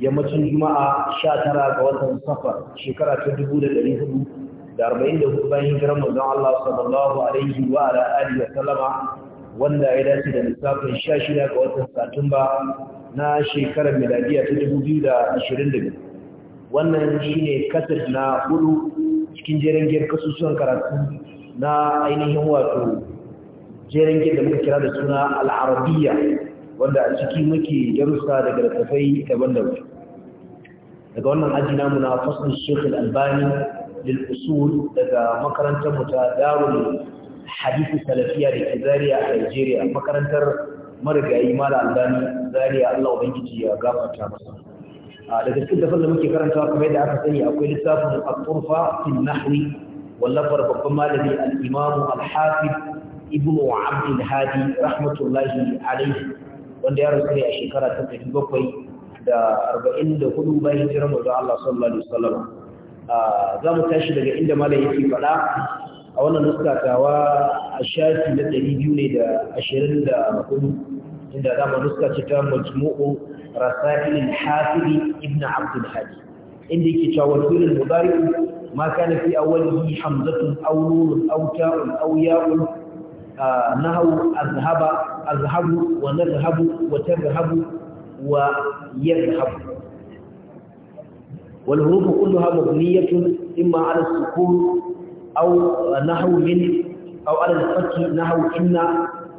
yammacin juma'a sha 19 ga watan safar shekara ta dubu da da da hudu arba'in hudu bayan hijirar manzon Allah sallallahu alaihi wa ala alihi wa sallama wanda ya dace da lissafin 16 ga watan satumba na shekarar miladiya ta dubu biyu da da ashirin biyu. wannan shine kasar na hudu cikin jerengiyar kasusuwan karatu na ainihin wato jerengiyar da muka kira da suna al'arabiyya wanda a ciki muke darussa daga littattafai daban-daban daga wannan aji namu na fasul Sheikh albani lil usul daga makarantar mu ta Darul hadisi Salafiya da ke Zaria a Nigeria makarantar marigayi Mala Albani Zaria Allah ubangiji ya gafarta masa daga cikin dafin da muke karantawa kamar yadda aka sani akwai littafin Al-Turfa fil Nahwi wallafar babban malami al-Imam al abdulhadi Ibn Abdul Hadi rahmatullahi alayhi wanda ya rasu ne a shekara ta tafi bakwai da arba'in da hudu bayan hijirar manzo Allah sallallahu alaihi wasallam za mu tashi daga inda malam yake faɗa a wannan nuskatawa a shafi na ɗari biyu ne da ashirin da hudu inda za mu nuskace ta majmu'u rasailin hafiri ibn abdul hadi inda yake cewa wasilin mudari ma kana fi awwalihi hamzatun aw nunun aw nahawu azhaba azhabu wa nadhhabu wa tadhhabu wa yadhhabu wal huruf kulluha mabniyatun imma ala sukun aw nahwu min aw ala al-fath nahwu inna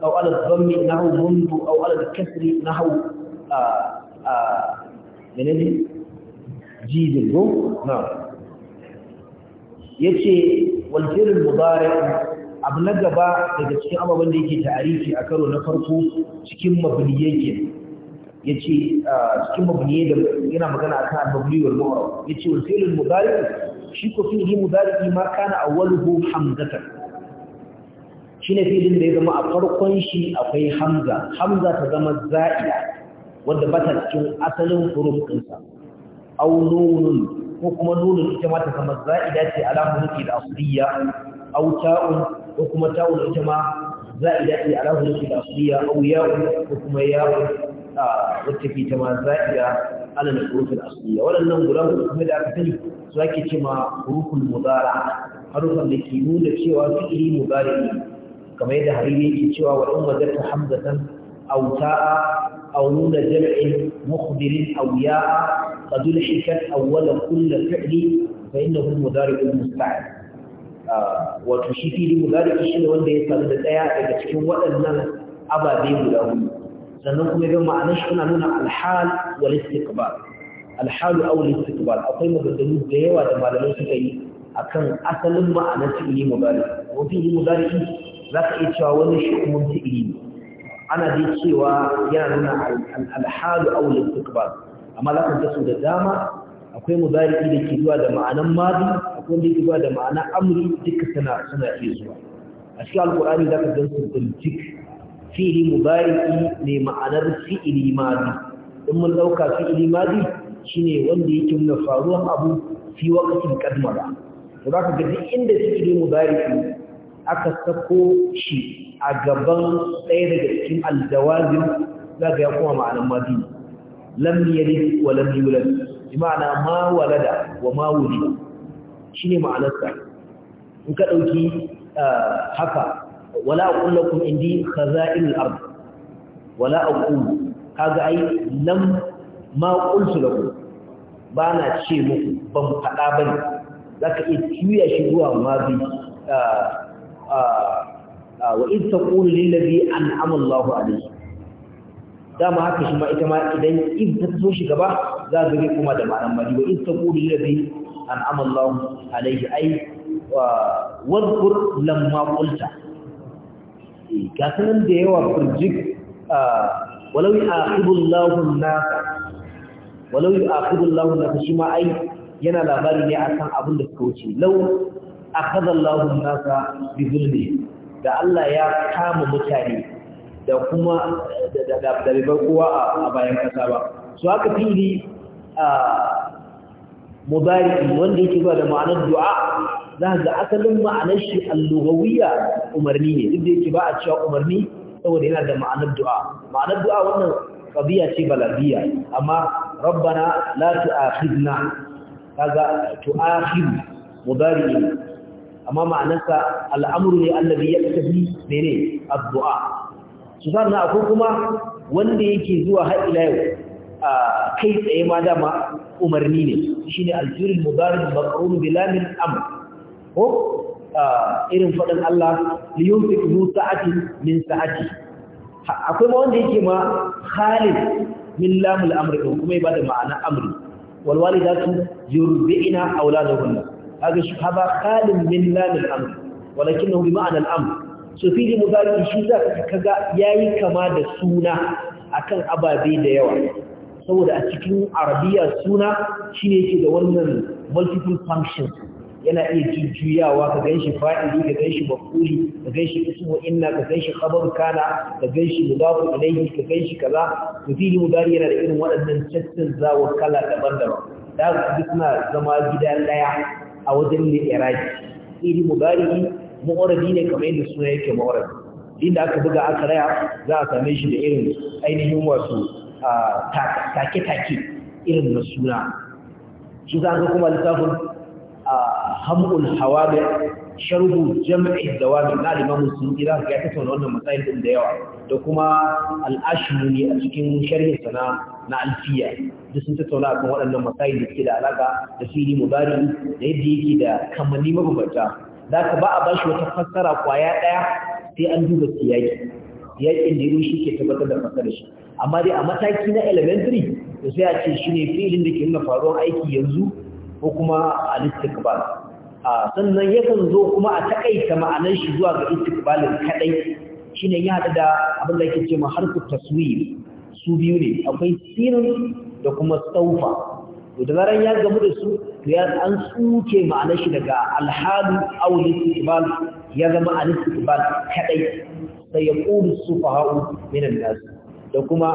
aw ala al-dhamm nahwu mundu aw ala al-kasr nahwu menene jidin go na yace wal fi'l mudari' abu na gaba daga cikin ababen da yake ta'arifi a karo na farko cikin mabniyai ke ya ce cikin mabniyai da yana magana a kan mabliyar ma'aurau ya ce wasilin mubarik shi ko fi yi mubarik ma kana a walhu hamzata shi ne filin da ya zama a farkon shi akwai hamza hamza ta zama za'ida wadda ba ta cikin asalin huruf ɗinsa au nunun ko kuma nunun ita ma ta zama za'ida ce alamun nufi da asliya au ko kuma ta'un ita ma za'ida ce ala hurufi asliya au ya'un ko kuma ya'un wacce ke ta ma za'ida ala hurufi asliya waɗannan guda hudu kuma da aka sani su ake ce ma hurufin mudara harufan da ke nuna cewa fi'ili mudari kamar cewa wa in ta hamzatan au ta'a أو نون جمع مخبر أو ياء قد لحكت أول كل فعل فإنه المضارع المستعد wato shi fili mudari shi ne wanda ya samu da ɗaya daga cikin waɗannan ababe guda hudu sannan kuma ga ma'anar shi Kuna nuna alhal wal istiqbal alhal aw al akwai maganganu da yawa da malamai suka yi akan asalin ma'anar fi'ili mudari yi fi'ili za ka iya cewa wani shi'umun ta ne ana dai cewa yana nuna alhal aw al istiqbal amma zaka ga su da dama akwai mudari da ke zuwa da ma'anar madi wanda yake ba da ma'ana amri duka suna suna iya zuwa a cikin alkur'ani za ka gan su biljik fi'ili mubari'i ne ma'anar fi'ili madi in mun ɗauka fi'ili madi shine wanda yake nuna faruwar abu fi wakatin kadmara to za ka ga duk inda fi'ili mubariki aka sako shi a gaban ɗaya daga cikin aljawazin za ka ya kuma ma'anar madi lam yalid wa lam yulad bi ma'ana ma walada wa ma wulida ne ma'anarsa in ka ɗauki eh, haka wala aqullakum indi khaza'il al-ard wala ka ga ai nan ma qultu lakum bana ce muku ban faɗa ba ne, za ka iya tuya shi zuwa ma bi eh, eh, wa in taqulu lil ladhi an'ama Allahu alayhi dama haka shi ma ita ma idan in ta so shi gaba za a zai kuma da ma'anar mali wa in taqulu lil ladhi an'ama Allah alayhi ai wadhkur lamma qulta eh, ga sanan da yawa furjik walau ya'khudhu Allahu an-nas walau Allahu an-nas shi ma ai yana labari ne akan abin da suka wuce law akhadha Allahu an-nas bi zulmi da Allah ya kama mutane da kuma da da da kowa a bayan kasa ba so haka fili mubari wanda yake ba da ma'anar du'a za ga asalin ma'anar shi al-lughawiyya umarni ne duk da yake ba a cewa umarni saboda yana da ma'anar du'a ma'anar du'a wannan qadiya ce baladiya amma rabbana la tu'akhidna kaga tu'akhid mubari amma ma'anarsa al'amru ne allazi yaktabi mene addu'a sannan akwai kuma wanda yake zuwa har ila yau kai tsaye ma dama umarni ne shi ne aljurin mubarin makarun bilamin am ko irin faɗin Allah liyun fi zu sa'atin min sa'ati akwai ma wanda yake ma halin min lamul amri kuma ya bada ma'ana amri walwali za su ina a wula yurbi'ina auladahunna kaga shi haba halin min lamul amri walakin bi ma'anar amri so fili mubaki shi za ka ga yi kama da suna akan ababe da yawa saboda a cikin arabiya suna shine yake da wannan multiple functions yana iya jujjuyawa ka ganshi fa'ili ka ganshi mafuli ka ganshi ismu inna ka ganshi khabar kana ka ganshi mudafu ilayhi ka ganshi kaza to fili mudari yana da irin waɗannan cattin zawar kala daban-daban da duk na zama gida ɗaya a wajen ne iraki fili mudari mu'arabi ne kamar yadda suna yake mu'arabi inda aka buga aka raya za a same shi da irin ainihin wasu take-take irin na suna shi za kuma littafin hamul hawabi sharhu jam'i dawabi na limamu suyuti za ya tattauna wannan matsayin din da yawa da kuma ne a cikin sharhin sana na alfiya duk sun tattauna akan waɗannan matsayin da suke da alaka da fili mubari da yadda yake da kamanni mabambanta za ka ba a bashi wata fassara kwaya ɗaya sai an duba siyaki yakin da shi ke tabbatar da fasarar shi amma dai a mataki na elementary to sai a ce shi ne filin da ke nuna faruwar aiki yanzu ko kuma a listikbal a sannan yakan zo kuma a takaita ma'anar shi zuwa ga listikbalin kadai Shi ne ya da abin da yake cewa harfu taswir su biyu ne akwai sirin da kuma tsaufa. to da zaran ya gamu da su to ya an tsuke ma'anar shi daga alhalu aw istiqbal ya zama al istiqbal kadai سيقول السفهاء minan الناس da kuma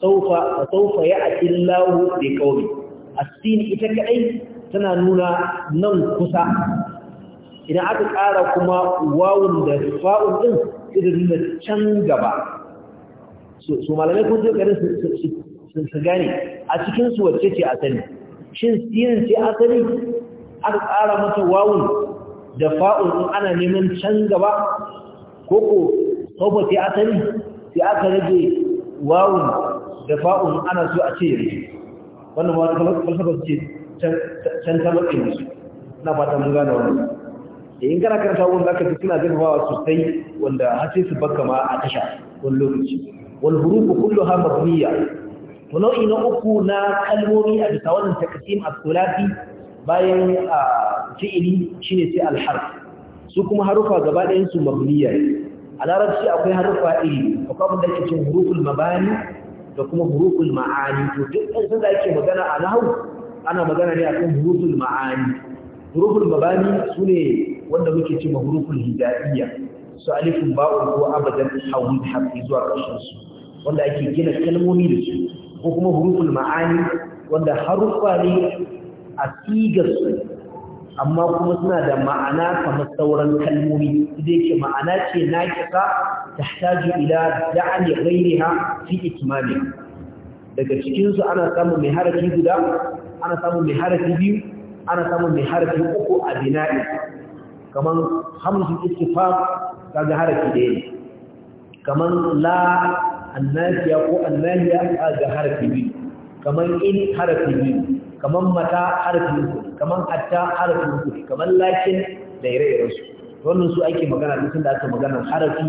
سوف saufa ya'ti Allahu bi qawli as-sin ita kadai tana nuna nan kusa idan aka ƙara kuma wawun da fa'u din idan nuna can gaba su malamai kun je garin su gane a cikin su wacce ce asali shin sinin ce asali aka ƙara mata wawun da ana neman can gaba ko ko ko sai asali sai aka rage wawun da fa'un ana so a ce yanzu wannan ma wata falsafa ce can ta matsayin musu na fatan mun gane wani. da in kana karanta wani zaka fi suna fawa sosai wanda hace su baka ma a tasha wani lokaci wal hurufu ha mabniya to nau'i na uku na kalmomi a bisa wannan takasim a thulathi bayan ah, fi'ili shine sai alhar su kuma harufa gaba ɗayan su mabniya a larabci akwai harfa iri akwai abin da cin hurufin mabani da kuma hurufin ma'ani to duk da ake magana a nahu ana magana ne akan hurufin ma'ani hurufin mabani su ne wanda muke ce ma hurufin hidayiyya su alifin ba'un ko abadan hawul hafi zuwa ƙarshen su wanda ake gina kalmomi da su ko kuma hurufin ma'ani wanda haruffa ne a sigar su amma kuma suna da ma'ana kamar sauran kalmomi da yake ma'ana ce na kisa ta hajji ila da'ani ha fi ikmali daga cikin su ana samu mai harafi guda ana samu mai harafi biyu ana samu mai harafi uku a bina'i kamar hamzul istifaq kaga harafi da yake kamar la annafiya ko annahiya kaga harafi biyu kamar in harafi biyu kamar mata harafin kuri kamar hatta harafin kuri kamar lakin da ire-irensu wannan su ake magana duk da aka magana harafi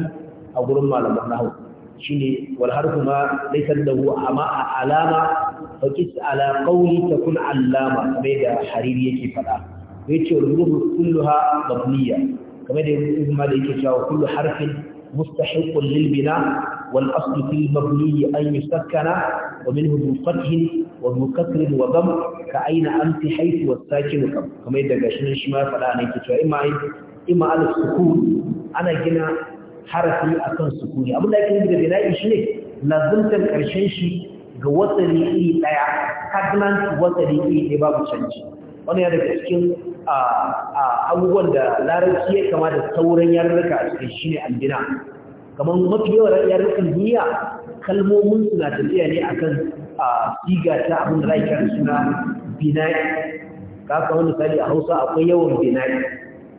a gurin malaman nahu shine wal harfu ma laysa lahu ama alama fa qis ala qawli takun allama kamar da hariri yake fada yace ruhu kulluha mabniya kamar da ibn malik yake cewa kullu harfin مستحق للبناء والأصل في المبني أن wa ومنه ذو fathin wa mukasir wa ka aina amsi haitu wa sakin kam kamar yadda gashin shi ma faɗa ne ke cewa imma imma al ana gina harafi akan sukuni abin da ake nufi da bina'i shine lazimtar karshen shi ga wasali iri ɗaya. stagnant wasali iri ɗaya babu canji wani yana daga cikin abubuwan da larabci ya kama da sauran yarurruka a cikin shine albina kamar mafi yawan yarurrukan duniya kalmomin suna tafiya ne akan a diga ta abin da za a kira suna binai kaka wani misali a hausa akwai yawan binai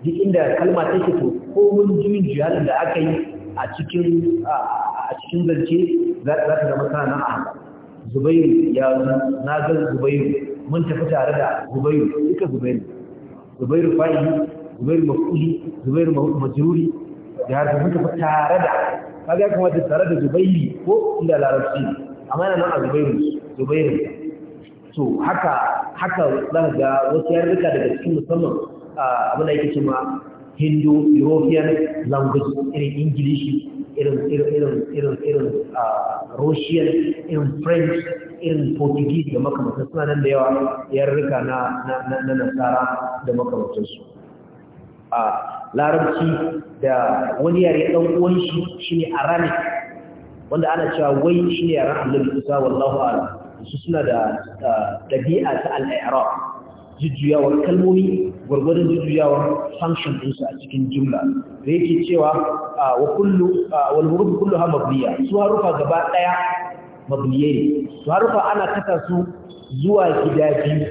duk inda kalma ta ke to komin jimin jihadin da aka yi a cikin a cikin zance za ta zama sana a zubairu ya na ga zubairu mun tafi tare da zubairu duka zubairu zubairu fa'ili zubairu mafuli zubairu majruri da har mun tafi tare da kaga kuma tare da zubairu ko inda larabci amma yana nuna a zubairu zubairu to haka haka za ga wasu yarurruka daga cikin musamman abin da yake ce hindu european language irin English, irin irin irin irin russian irin french irin portuguese da makamantar suna nan da yawa yarurruka na na nasara da makamantarsu a larabci da wani yare ɗan uwan shi shine arabic wanda ana cewa wai shine yaran annabi Isa wallahu ala su suna da dabi'a ta al-i'rab jujjuyawar kalmomi gwargwadon jujjuyawar function ɗinsu a cikin jumla da yake cewa wa kullu wal huruf mabniya su harufa gaba daya mabniye ne su harufa ana kasa su zuwa gida biyu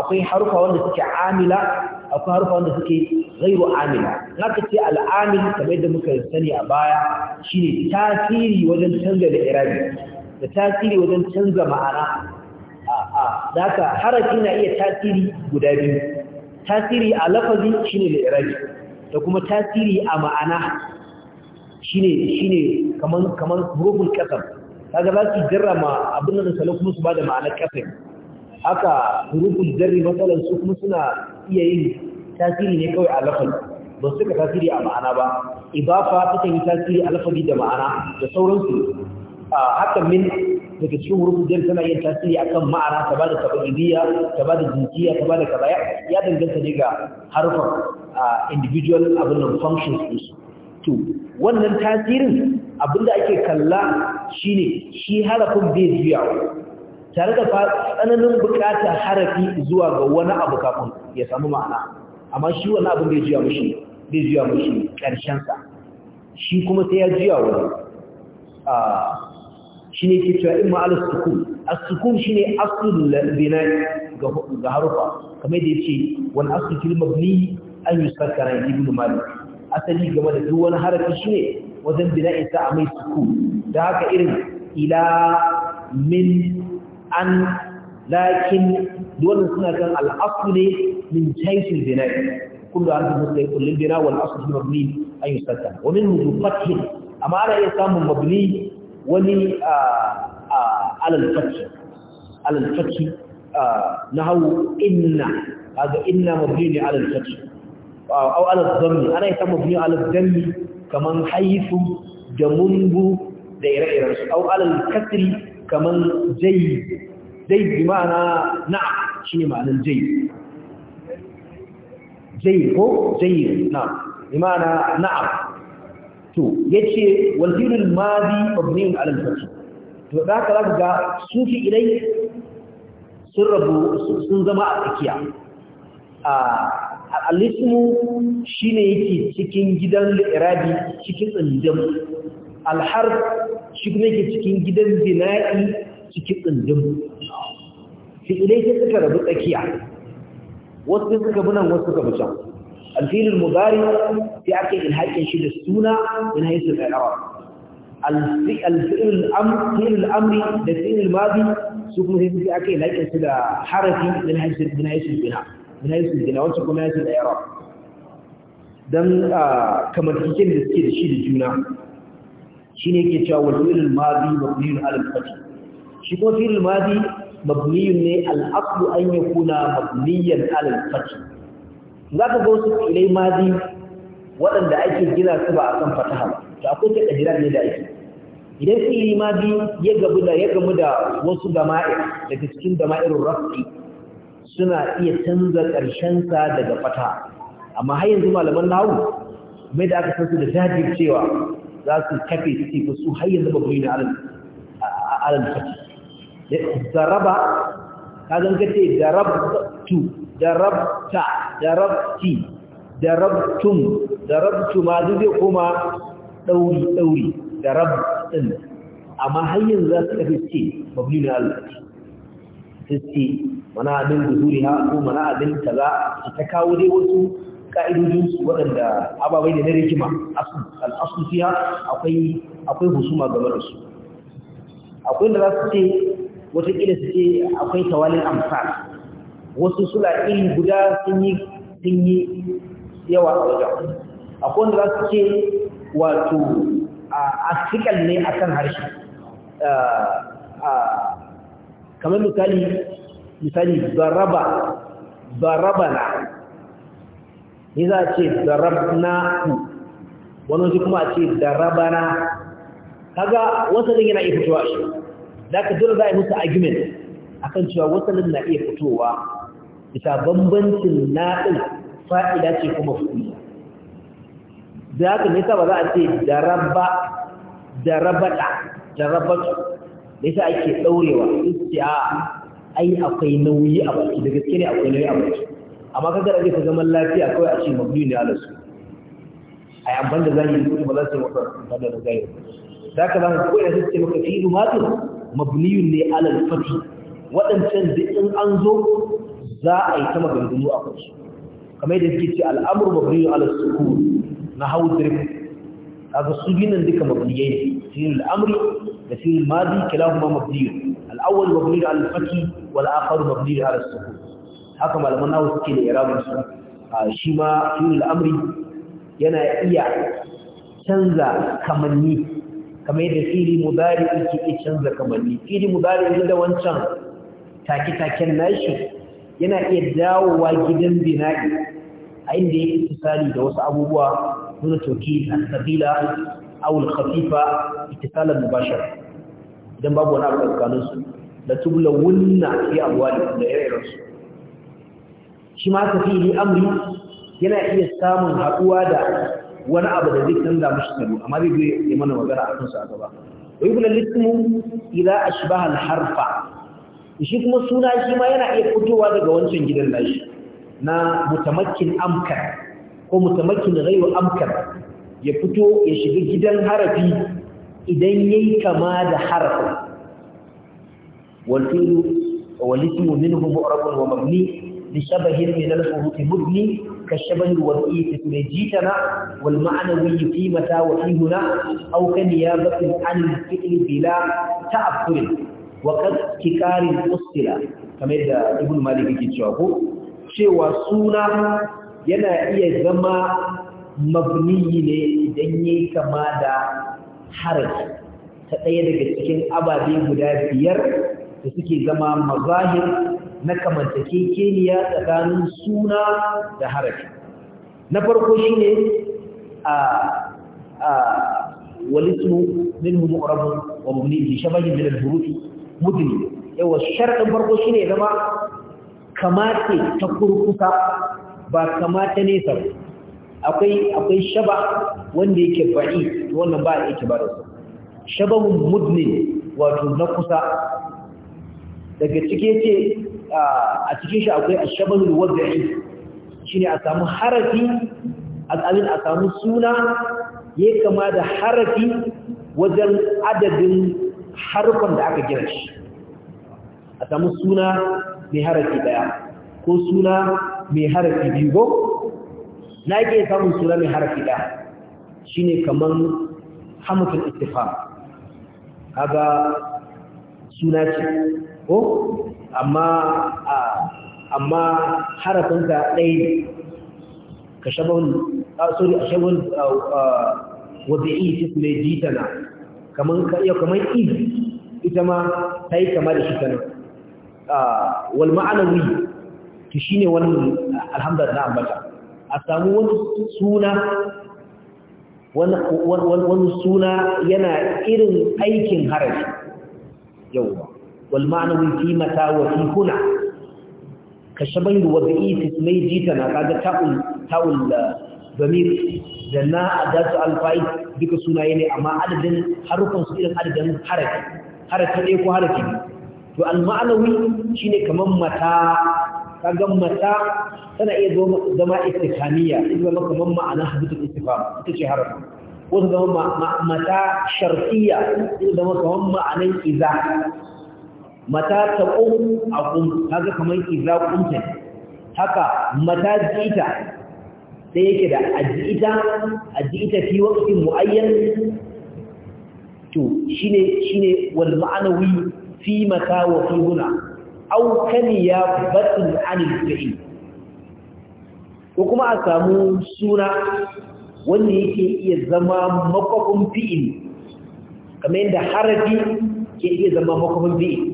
akwai harufa wanda suke amila akwai harufa wanda suke ghairu amil ka ce al'amil kamar da muka sani a baya shine tasiri wajen canza da irabi da tasiri wajen canza ma'ana a a zaka harafi na iya tasiri guda biyu tasiri a lafazi shine da irabi da kuma tasiri a ma'ana shine shine kamar kamar huruful qasam kaga za su jarrama abin da salo kuma su bada ma'anar ƙasar. haka huruful jarri matsalan su kuma suna iya yin tasiri ne kawai a lafazi ba su ka tasiri a ma'ana ba idafa ta yi tasiri a lafazi da ma'ana da sauransu haka min daga cikin wurin jar tana yin tasiri akan ma'ana ta ba da tabaidiyya ta ba da jinkiya ta ba da kaza ya danganta ne ga harfan individual abin nan functions din to wannan tasirin abinda ake kalla shine shi harafin bai juyawa tare da tsananin bukatar harafi zuwa ga wani abu kafin ya samu ma'ana amma shi wani abin bai juya mushi bai juya mushi ƙarshensa shi kuma sai ya juya wani ah, shi ne ke cewa in ma'alar sukun asukun shi ne asul bina'i ga harufa kamar da ya ce wani asul kilmar ni an yi sakkaran ibn malik asali game da duk wani harafi shi ne wajen bina'insa a mai sukun da haka irin ila min an lakin duwannan suna kan al'asu ne min taisul binai kullu an zubu sai kullun bina wal asl mabni an yi sassa, wani fath amma ana iya samun mabni wani alal fath alal fath inna hada inna mabni alal fath au alal dhamm ana iya samun mabni alal dhamm kaman haythu da mungu da ire-iren su aw alal kasri kaman jayi jayi bi ma'ana na'am shine ma'anin jayi jayi ko jayi na'am bi ma'ana na'am to yace wal fi'lul madi mabniun 'ala al to za ka ga sufi ilai sun rabu sun zama a tsakiya A al'ismu shi ne yake cikin gidan irabi cikin tsindin alhar shi kuma ke cikin gidan zina'i cikin tsindin fi'ilai sai suka rabu tsakiya wasu suka bi wasu suka bi can alfilin mubari sai ake ilhaƙin shi da suna in haisu ƙarawa alfi'il amri da fi'il mazi su kuma sai ake ilhaƙin su da harafi in haisu bina in haisu bina wancan kuma haisu ƙarawa don ah, kamantakin da suke da shi da juna shine yake cewa wal madi mabniun ala al-fath shi ko fi'l madi mabniun ne al-aqd an yakuna mabniyan ala al-fath zaka ga wasu fi'lai madi waɗanda ake gina su ba akan fataha to akwai ta ne da ake idan fi'li madi ya gabu da ya gamu da wasu dama'ir daga cikin gama'irun rafi suna iya canza ƙarshen sa daga fataha amma har yanzu malaman nahu mai da aka san su da jajircewa za su kafe suke ba su har yanzu ba buri na alal fati daraba ka zan kace darabtu darabta darabti darabtum darabtu ma duk zai koma dauri dauri darab din amma har yanzu za su kafe ce mabni na alal fati sai mana abin guzuriha ko mana abin kaza ta kawo dai wasu ka'idojinsu waɗanda ababai da na rikima al'asu fiya akwai akwai husuma game da su akwai da za su ce watakila su ce akwai tawalin amsal wasu sula iri guda sun yi sun yi yawa a wajen akwai da za su ce wato a ne akan harshe kamar misali misali baraba na ni za a ce darabna ku wani wasu kuma a ce darabana kaga wasalin yana iya fitowa shi da ka dole za a yi musu argument akan cewa wasalin na iya fitowa bisa bambancin na'in fa'ida ce kuma fuliya da haka nisa ba za a ce daraba darabata darabatu nisa ake daurewa sai a ai akwai nauyi a baki da gaske ne akwai nauyi a baki amma kaga da ka zaman lafiya kawai a ce mabni ne ala su a yi amfani da zahiri yi ba za su yi maka amfani da zahiri za ka zama ko yanzu ce maka fi'lu matin mabniyun ne ala al-fati waɗancan da in an zo za a yi ta maganganu a kansu kamar yadda suke ce al'amur mabniyun ala sukun na hau dirk kaga su ginin duka mabniyai sirrul amri da sirrul madi kilahuma mabniyun al-awwal mabniyun ala al-fathi wal akhar mabniyun ala as-sukun haka malaman nawa suke da irabin su shi ma fi'il amri yana iya canza kamanni kamar yadda fi'ili mudari yake iya canza kamanni fi'ili mudari da wancan take-taken nashi yana iya dawowa gidan bina'i a inda ya ittisali da wasu abubuwa nuna toki a sabila aw al-khafifa ittisalan mubashara idan babu wani abu tsakaninsu da la tublawunna fi amwalikum da ire-irensu shi ma amri yana iya samun haɗuwa da wani abu da zai canza mushi kalo amma zai ya mana magana a kansu a gaba wa yubla lismu ila ashbaha al-harfa shi kuma suna shi ma yana iya fitowa daga wancan gidan nashi na mutamakkin amkar ko mutamakkin ghayru amkar ya fito ya shiga gidan harafi idan yayi kama da harafin wal fi'lu wal ismu minhu mu'rabun wa mabni بشبه من الحروف مبني كالشبه الوضعي في تميجيتنا والمعنوي في متى وفي هنا أو كنيابة عن الفعل بلا تأثر وقد ككار الأصلة كما يدى ابن مالك يجوابه شوى سونا yana iya zama mabniyi ne idan yayi kama da harafi ta ɗaya daga cikin ababe guda biyar da suke zama mazahir na kekeniya tsakanin suna da harafi na farko shi ne a walismu min hu mu'rabun wa mubni bi shabahin min al-hurufi mudni yawa sharadin farko shine ya zama kamata ta kurkuka ba kamata ne sa akwai akwai shaba wanda yake ba'i wannan ba yake ba da su shabahun mudni wato na kusa daga cike ce a cikin shi akwai ashabul wadda'i shine a samu harafi azalin a samu suna ya kama da harafi wajen adadin harfan da aka gina shi a samu suna mai harafi daya ko suna mai harafi biyu ko na yake samun suna mai harafi daya shine kaman hamutun istifam kaga suna ce ko amma amma harafinka ɗaya ka shabon sorry a shabon wabi'i e su mai jitana kamar iz e, ita ma ta kama da shi kanan wal ma'anawi ki shi ne wani alhamdar na ambata a samu wani suna wani suna yana irin aikin harafi yau ba wal ma'anawi fi mata wa fi huna ka shabai wa bi'i tismai jita na kaga ta'ul ta'ul zamir uh, da na adatu alfai duka sunaye ne amma adadin harukan su irin adadin harafi harafi ɗaya ko harafi to al ma'anawi shine kaman mata kaga mata tana iya zama istifamiya ita zama kaman ma'ana hadisul istifam ita ce harafi wasu zama mata sharfiya zama kamar ma'anin iza mata ta ƙun a kun kaga kamar iza haka mata jita sai yake da ajita ajita fi waqtin muayyan to shine shine wal ma'anawi fi mata wa fi huna aw kaniya batn anil fi'l ko kuma a samu suna wanda yake iya zama makwafin fi'il kamar yadda harafi ke iya zama makwafin fi'il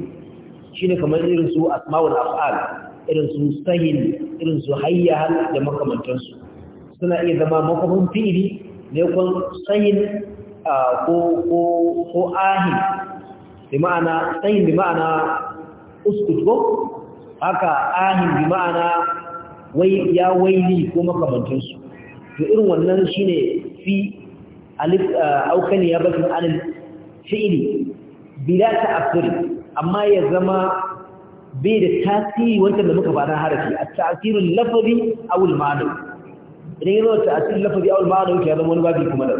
shine kamar irin su asma'ul af'al irin su sahin, irin su hayya da makamantansu suna iya zama makwafin fi'ili ne kun sahin ko ko ko ahi bi ma'ana sahil bi ma'ana uskut haka ahin bi ma'ana ya waili ko makamantansu to irin wannan shine fi alif aukani ya bakin alif fi'ili bila ta'akkuri amma ya zama bai da tasiri wancan da muka fara harafi a tasirin lafazi a wulmanu maana idan ya zama tasirin lafazi a wulmanu ke zama wani babu kuma da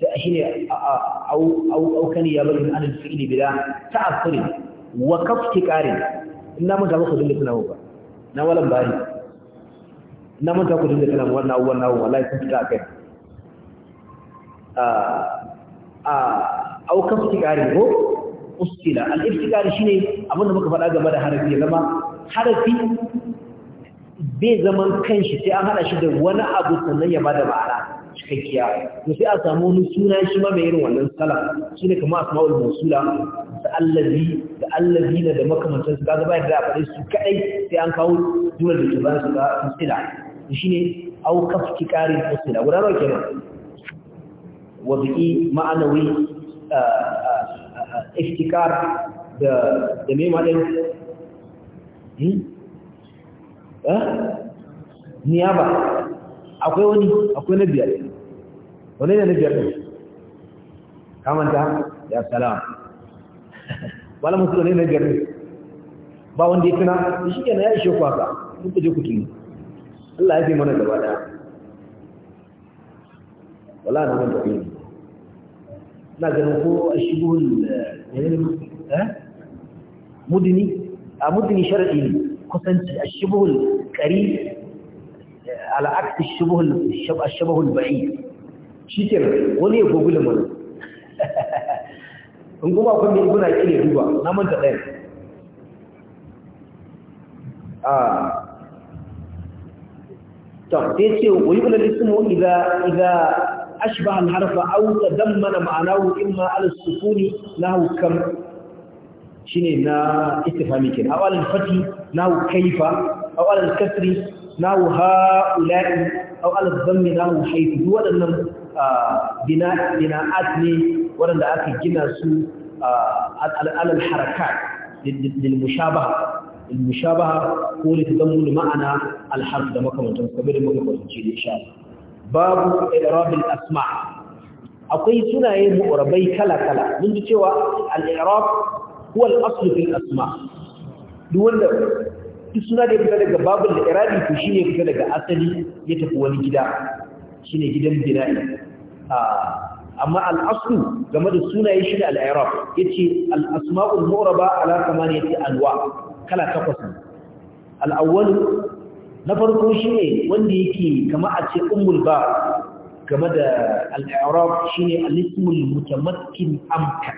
sai shine aw aw aw kani ya bari an al-fi'li ta asirin wa kaftiqarin inna mun ga muku dinga suna ba na walan bari inna mun ta ku dinga tunawa wannan abubuwan nawo lai sun fita kai a aukan fi kaftiqarin ko uskila al-iftikar shine abinda muka faɗa game da harafi ya zama harafi bai zaman kanshi sai an hada shi da wani abu sannan ya bada ma'ana cikakkiya to sai a samu wani suna shi ma mai irin wannan sala shine kamar asma'ul mawsula da allazi da allazina da makamantan su kaga bai da a faɗe su kadai sai an kawo jumlar da ke bayan su ga usila shine au kafki qarin usila guda nawa kenan bi ma'anawi ah, ah, iftikar da da me ma din eh hmm? niyaba akwai wani akwai na biyar wani ne na biyar ne kamanta ya salam wala musu ne na biyar ne ba wanda ya na shi na ya ishe kwaka haka kun ku je ku tuni Allah ya fi mana gaba da, wala na mun tafi ina ganin ko ashibul eh, mudini a mudini shar'i ne kusanci a shibhul qari ala akti shibhul shab shibhul ba'id wani ya gogule mana in kuma kun ne kuna kire duba na manta ɗaya a to sai ce wa da lismu idza idza أشبه الحرف أو تدمن معناه إما على السكون له كم شيني نا اتفهامي كده أو على الفتح له كيف أو على الكسر له هؤلاء أو على الضم له حيث دول أن بناء بناءات لي ورد أكي جناس على الحركات للمشابهة المشابهة هو لتضمن معنى الحرف ده ما كمان تنسى بيرمك إن شاء الله babu i'rabil asma akwai sunaye mu'rabai kala kala mun ji cewa al-i'rab huwa al fil asma duk wanda duk suna da fita daga babul i'rabi to shine fita daga asali ya tafi wani gida shine gidan bina'i ah, amma al-aslu game da sunaye shi da al-i'rab yace al-asma'ul mu'raba ala thamaniyati anwa kala takwas al-awwal na farko shi ne wanda yake kama a ce umul ba game da al'arab shi ne alismul mutamakin amka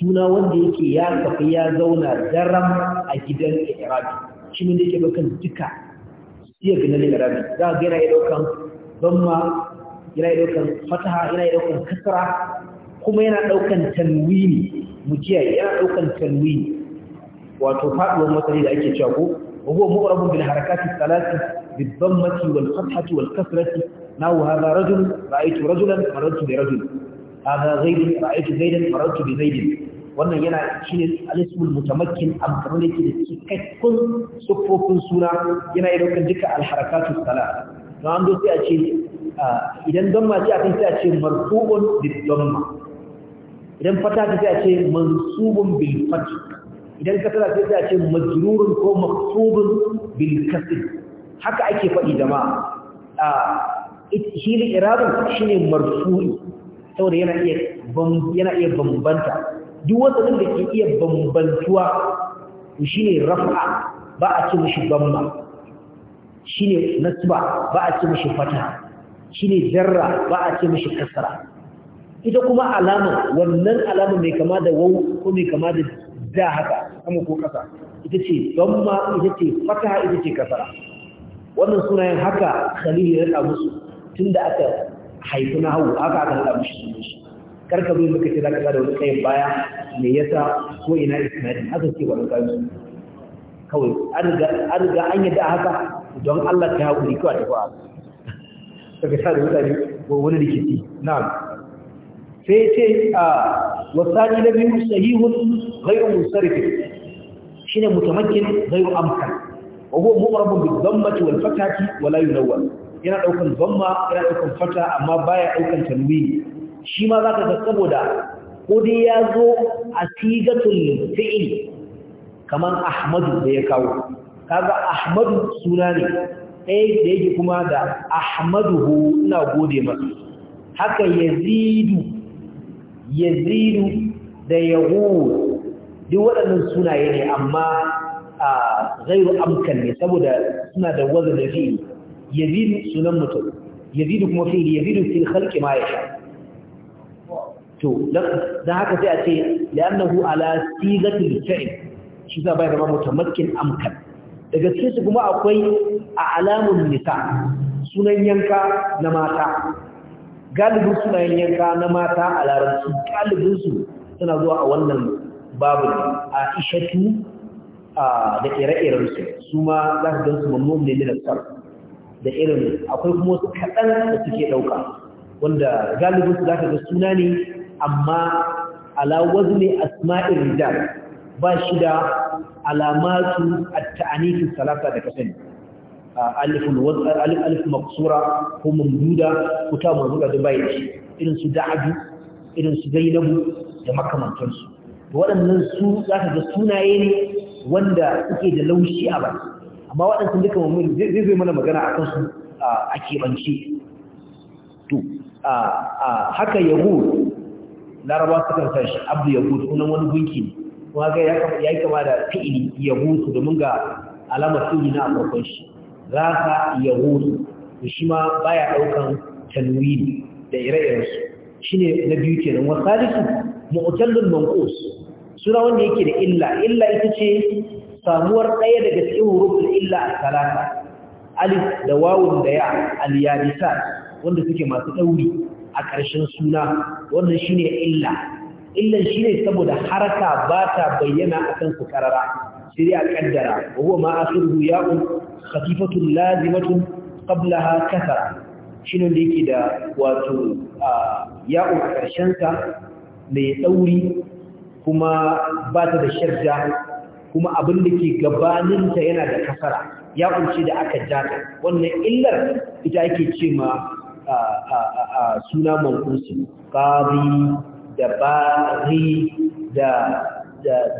suna wanda yake ya kafa ya zauna daram a gidan irabi shi ne da yake bakan duka iya ganin irabi za a gina ya daukan bamma yana daukan fataha yana daukan kasra kuma yana ɗaukan tanwini mu kiyaye yana ɗaukan tanwini wato faɗuwar matsayi da ake cewa ko وهو مؤرب بالحركات الثلاث بالضمة والفتحة والكسرة ناو هذا رجل رأيت رجلا مررت برجل هذا زيد رأيت زيدا مررت بزيد wannan yana shi ne alismul mutamakkin amfani da ke da cikakkun siffofin suna yana yi daukar duka alharakatu sala don an sai a ce idan damma ce sai a ce idan fata sai a ce idan ka tara sai a ce majrurun ko maksubun bil kasr haka ake faɗi jama'a a shi ne irabun shine marfu'i saboda yana iya yana iya bambanta duk wanda da ke iya bambantuwa to shine raf'a ba a ce mishi bamma shine nasba ba a ce mishi fata shine zarra ba a ce mishi kasra ita kuma alama wannan alama mai kama da waw ko mai kama da da haka sama ko kasa ita ce damma ita ce fataha ita ce kasa wannan sunayen haka khalil ya rada musu tunda aka haifi na hawu haka aka rada musu karka zo muka ce zaka da wani kayan baya me yasa ko ina isma'il? haka ce wani kawo kawai an riga an yadda haka don Allah ta haƙuri kawai ta fa'a daga sa da mutane ko wani rikici na'am sai ce a wasani na biyu sahihun shi ne mutumakin zai ghairu amkan wa huwa mu'rabun zamba dhammati walfata fatati wala la yunawwal yana daukan zamba yana daukan fata amma baya daukan tanwini shi ma za ka ga saboda ko dai ya zo a sigatul fi'il kamar ahmadu da ya kawo kaga ahmadu suna ne ɗaya da yake kuma da ahmaduhu ina gode masa haka yazidu yazidu da yaghur duk waɗannan sunaye ne amma a gairu amkan ne saboda suna da wazan da fi'il yazidu sunan mutum yazidu kuma fi'il yazidu fil khalqi ma yasha to dan haka sai a ce li'annahu ala sigatil fi'il shi za bai zama mutamakkin amkan daga cikin su kuma akwai a alamun nisa sunan yanka na mata galibin suna yin yanka na mata a larabci galibinsu suna zuwa a wannan babu a ishatu da ire iren su ma za su gansu mamman ne minasar da irin akwai kuma wasu kaɗan da suke ɗauka wanda galibinsu za ka ga suna ne amma alawazu ne asma'in rijal ba shi da alamatu a ta'anifin salasa da kasance alif maksura ko mamduda ko ta mamduda da bai shi irin su da'adu irin su zainabu da makamantansu waɗannan su za ka ga sunaye ne wanda suke da laushi a ba amma waɗansu duka mamuni zai zai mana magana a kansu a keɓance to haka yahu laraba suka sa shi abdu yahu sunan wani gunki ne kuma ga ya yi kama da fi'ili yahud domin ga alamar fi'ili na a farkon shi zaka yahudu shi ma baya daukan tanwini da ire-iren su ne na biyu kenan wa salisu mu'tallul mankos suna wanda yake da illa illa ita ce samuwar daya daga cikin hurufin illa a salasa alif da wawun da ya al wanda suke masu dauri a ƙarshen suna wannan shine illa illan shine saboda haraka ba ta bayyana akan su karara sai a wa huwa ma asiru ya'un khatifatun lazimatun qablaha kasara shine da yake da wato ya'un a karshen sa mai tsauri kuma ba ta da shadda kuma abin da ke gabanin ta yana da kasara ya kunce da aka jaka wannan illar ita ake ce ma suna mankusi ƙari da bari da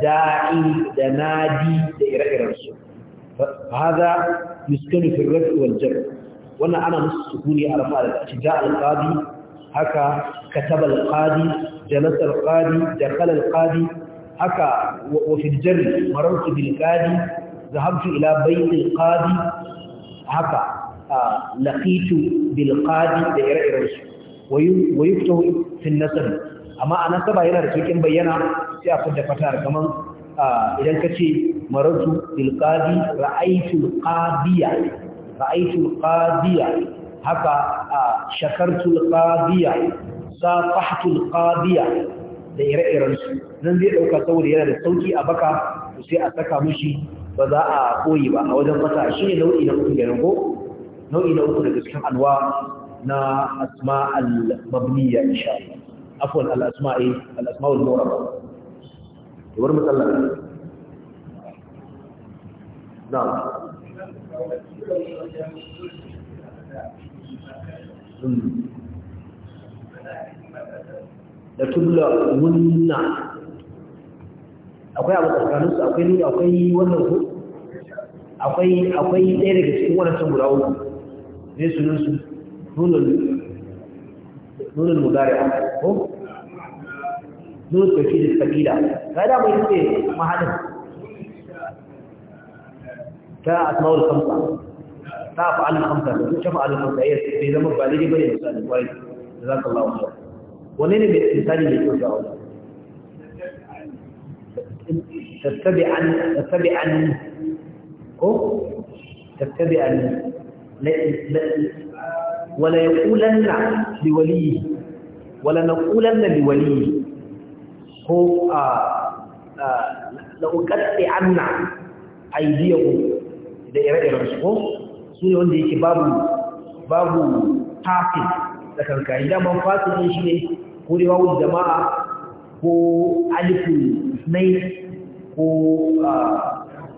داعي دنادي دائرة رسول هذا يسكن في الرفع والجر وانا انا نص سكوني على فارغ جاء القاضي هكا كتب القاضي جلس القاضي دخل القاضي هكا وفي الجر مررت بالقاضي ذهبت الى بيت القاضي هكا لقيت بالقاضي دائرة رسول ويكتب في النسب amma a nan saba yana da sauƙin bayyana sai a fadda fatar kamar idan ka ce marartu bilkadi ra'aitul qadiya ra'aitul qadiya haka shakartul qadiya safahtul qadiya da ire-iren su nan zai dauka saboda yana da sauki a baka sai a saka mushi ba za a koyi ba a wajen fata shi ne nau'i na uku kenan ko nau'i na uku daga cikin anwa na asma al-mabniyya insha Allah afwan al-asma'i al-asma'ul murabba kamar matsalar na hmm. da tubla munna akwai abu tsakaninsu akwai nuna akwai wannan ku akwai akwai ɗaya daga cikin wannan guda uku ne sunansu nuna نون المضارع مفهوم نون تشديد الثقيله فهذا ما يصير ما حدث تاء اسماء الخمسه تاء افعال الخمسه شوف افعال الخمسه هي إيه؟ اذا مر بعدين يقول الانسان جزاك الله خير ونين الانسان اللي يقول جواب تتبع عن تتبع عن او تتبع عن wala yaqulanna liwaliyi wala naqulanna liwaliyi ko a la uqatti anna aydiyahu da ire-iren su ko su ne wanda yake babu babu tafi da kankari daman fasilin shi ne ko da wawun jama'a ko alifin nai ko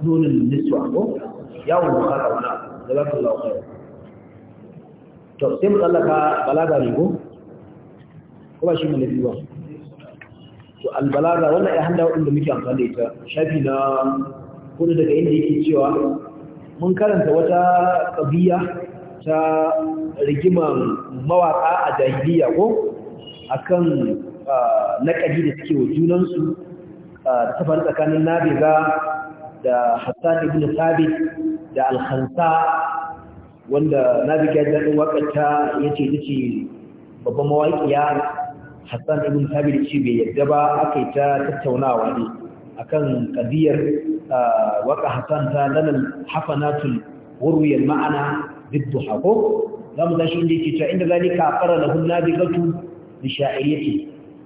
nunin niswa ko yawon bukata wani abu da za ka lau kai to sai mu tsallaka balaga ne ko kuma shi ne biyu to albalaga wannan ya handa wanda muke amfani da ita shafi na kudu daga inda yake cewa mun karanta wata kabiya ta rigiman mawaka a jahiliya ko akan naƙadi da suke wa junansu ta faru tsakanin nabiga da hassan ibn sabit da alhansa wanda na bi daɗin ta ya ce ta babban mawaƙiya hassan ibn sabir ce bai yadda ba aka yi ta tattaunawa ne akan kadiyar waƙa hassan ta lanar hafanatul wurwiyar ma'ana duk hako za mu tashi inda yake cewa inda ka fara lahun nabigatu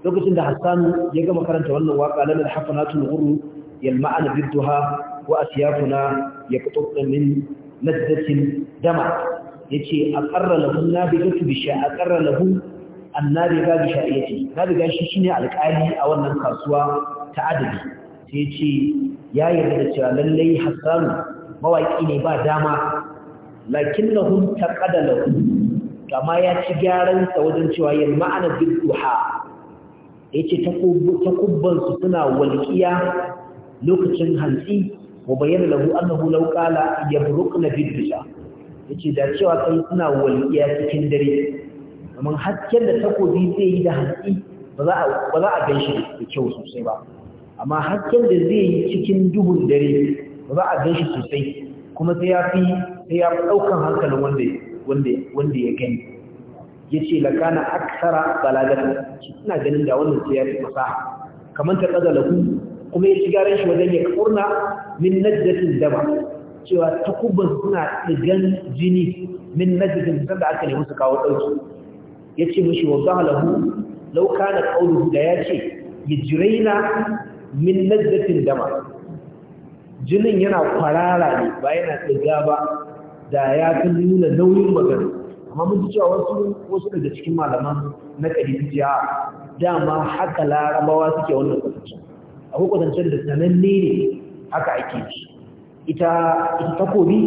da lokacin da hassan ya gama karanta wannan waƙa lanar hafanatul wurwiyar ma'ana duk duha wa asiyafuna ya kuɗuɗɗa min lazzatin dama yace aqarra lahu nabigatu bi sha'a aqarra lahu annabiga bi sha'iyati nabiga shi shine alƙali a wannan kasuwa ta adabi sai yace ya yarda da cewa lallai Hassan mawaki ne ba dama lakinnahum taqadalahu kama ya ci gyaran sa wajen cewa yin ma'ana bil duha yace takubban su suna walqiya lokacin hantsi wa bayyana lahu annahu law qala yabrukna bid Ya yace da cewa kai suna walƙiya cikin dare kamar hasken da takobi zai yi da hantsi ba za a ganshi da kyau sosai ba amma hasken da zai yi cikin duhun dare ba za a ganshi sosai kuma sai ya fi sai ya daukan hankalin wanda wanda ya gani yace lakana aksara balagatan suna ganin da wannan sai ya fi fasaha kamar ta kaza lahu kuma ya ci garan shi wajen ya kurna min najdatin dama cewa takubban suna digan jini min najdatin da aka nemi su kawo dauki yace mishi wa zalahu law kana qawluhu da yace yajrina min najdatin dama jinin yana kwarara ne ba yana diga ba da ya fi nuna nauyin magana amma mun ji cewa wasu wasu daga cikin malaman na jiya, dama haka larabawa suke wannan kasance akwai kwatancen da sananne ne haka ake shi ita ita takobi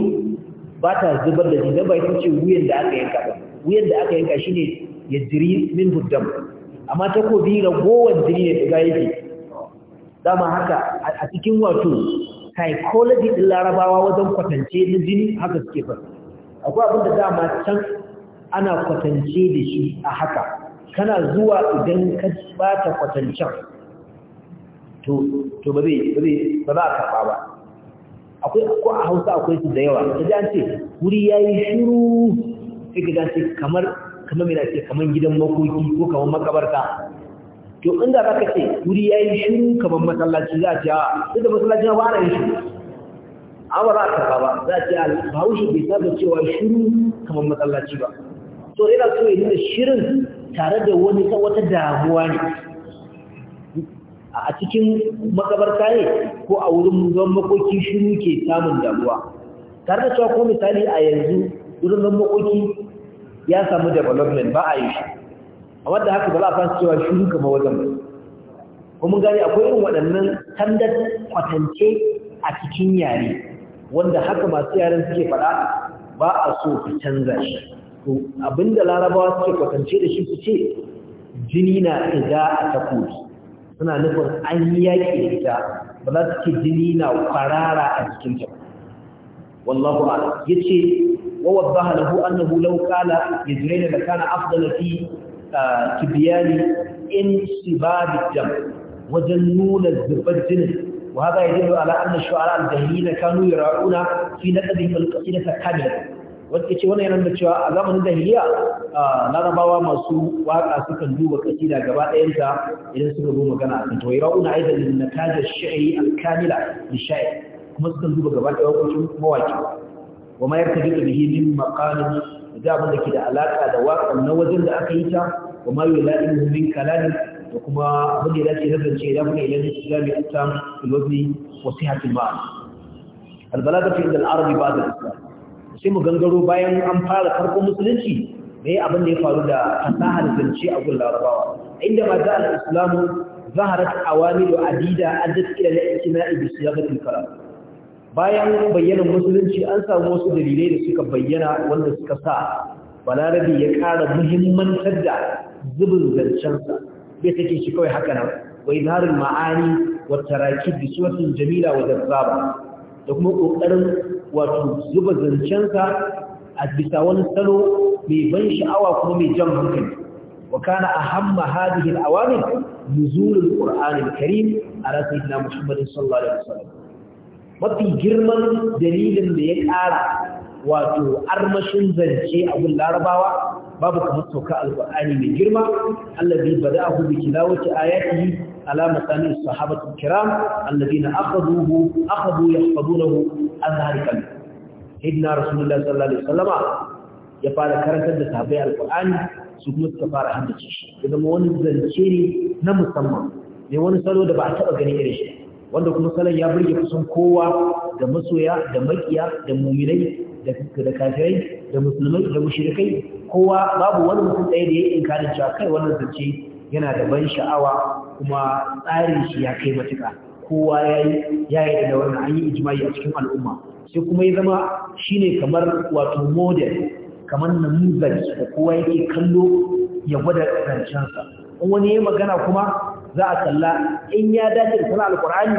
ba ta zubar da jini ba ita ce wuyan da aka yanka ba wuyan da aka yanka shi ne ya jiri min buddam amma takobi ragowar jini ne daga yake dama haka a cikin wato psychology din larabawa wajen kwatance na jini haka suke ba akwai abin da dama can ana kwatance da shi a haka kana zuwa idan ka bata kwatancen to ba zai ba za a karɓa ba akwai ko a hausa akwai su da yawa ta ji an ce wuri ya yi shiru sai ka dace kamar kamar mai ce kamar gidan makoki ko kamar makabarta to inda za ka ce wuri ya yi shiru kamar masallaci za a ce a da masallaci ba ana yin shiru an ba za a karɓa ba za a ce bahaushe bai saba cewa shiru kamar masallaci ba to yana so ya nuna shirin tare da wani wata damuwa ne a cikin makabarta ne ko a wurin zan makoki shiru ke samun damuwa tare da cewa ko misali a yanzu wurin zan makoki ya samu development ba a yi shi A wadda haka ba za a fasa cewa shiru kamar wajen ba kuma gani akwai irin waɗannan tandar kwatance a cikin yare wanda haka masu yaren suke faɗa ba a so ka canza shi to abinda larabawa suke kwatance da shi su ce jini na ɗiga a takobi suna nufin an yi yaƙi da ita ba jini na kwarara a cikin ta wallahu ya ce wawa ba halahu an na hula wukala ya zire da da kana afdala fi kibiyani in su ba da jam wajen nuna zubar jinin wa haka ya zira ala an na shu'ara na kanu ya ra'una fi na ɗabi'in alƙasi na sakamiyar wanda ce wannan yanar da cewa a zamanin a larabawa masu waka sukan duba kasida gaba ɗayanta idan suka zo magana a kan tawaira una aida lin nataja shi'ri al-kamila li sha'i kuma sukan duba gaba ɗaya wakokin mawaki wa ma yartaji da min maqamin da abin da ke da alaƙa da waƙan na wajen da aka yi ta wa ma yula'imu min kalani da kuma abin da ya dace na zance ya kuma ilan islami ta filosofi wasu hatin ba Albala da inda da arabi ba da islam sai mu gangaro bayan an fara farko musulunci da abin da ya faru da fasahar zance a gun larabawa inda ma za a islamu zaharat awani da adida an da tsira na ikina ibi siyagatin karam bayan bayyana musulunci an samu wasu dalilai da suka bayyana wanda suka sa balarabi ya ƙara muhimmantar da zubin zancensa bai take shi kawai haka nan wai zaharin ma'ani wata raki da suwatin jamila wa zazzaba da kuma ƙoƙarin wato zuba zancensa a bisa wani salo mai ban sha'awa kuma mai jan hankali wa kana ahamma hadhihi al-awamir nuzul al-Qur'an al-Karim ala Muhammad sallallahu alaihi wasallam mafi girman dalilin da ya ƙara wato armashin zance a gun larabawa babu kamar sauka al mai girma allazi bada'ahu bi tilawati ayatihi على مسامع الصحابة الكرام الذين أخذوه أخذوا يحفظونه أظهر كلمة سيدنا رسول الله صلى الله عليه وسلم يفعل كرسل لصحابي القرآن سكمت كفار حدث إذا ما ونزل شيري نمسمى ne wani salo da ba a taɓa gani irin shi wanda kuma salon ya burge kusan kowa da masoya da makiya da muminai da kafirai da musulmai da mushrikai kowa babu wani mutum ɗaya da ya yi inkarin cewa kai wannan zance yana da ban sha'awa kuma tsarin shi ya kai matuƙa kowa ya yi da wannan an yi ijimai a cikin al'umma sai kuma ya zama ne kamar wato model kamar namuza da kowa yake kallo ya gwada zancensa in wani ya magana kuma za a kalla in ya dace da sana alkur'ani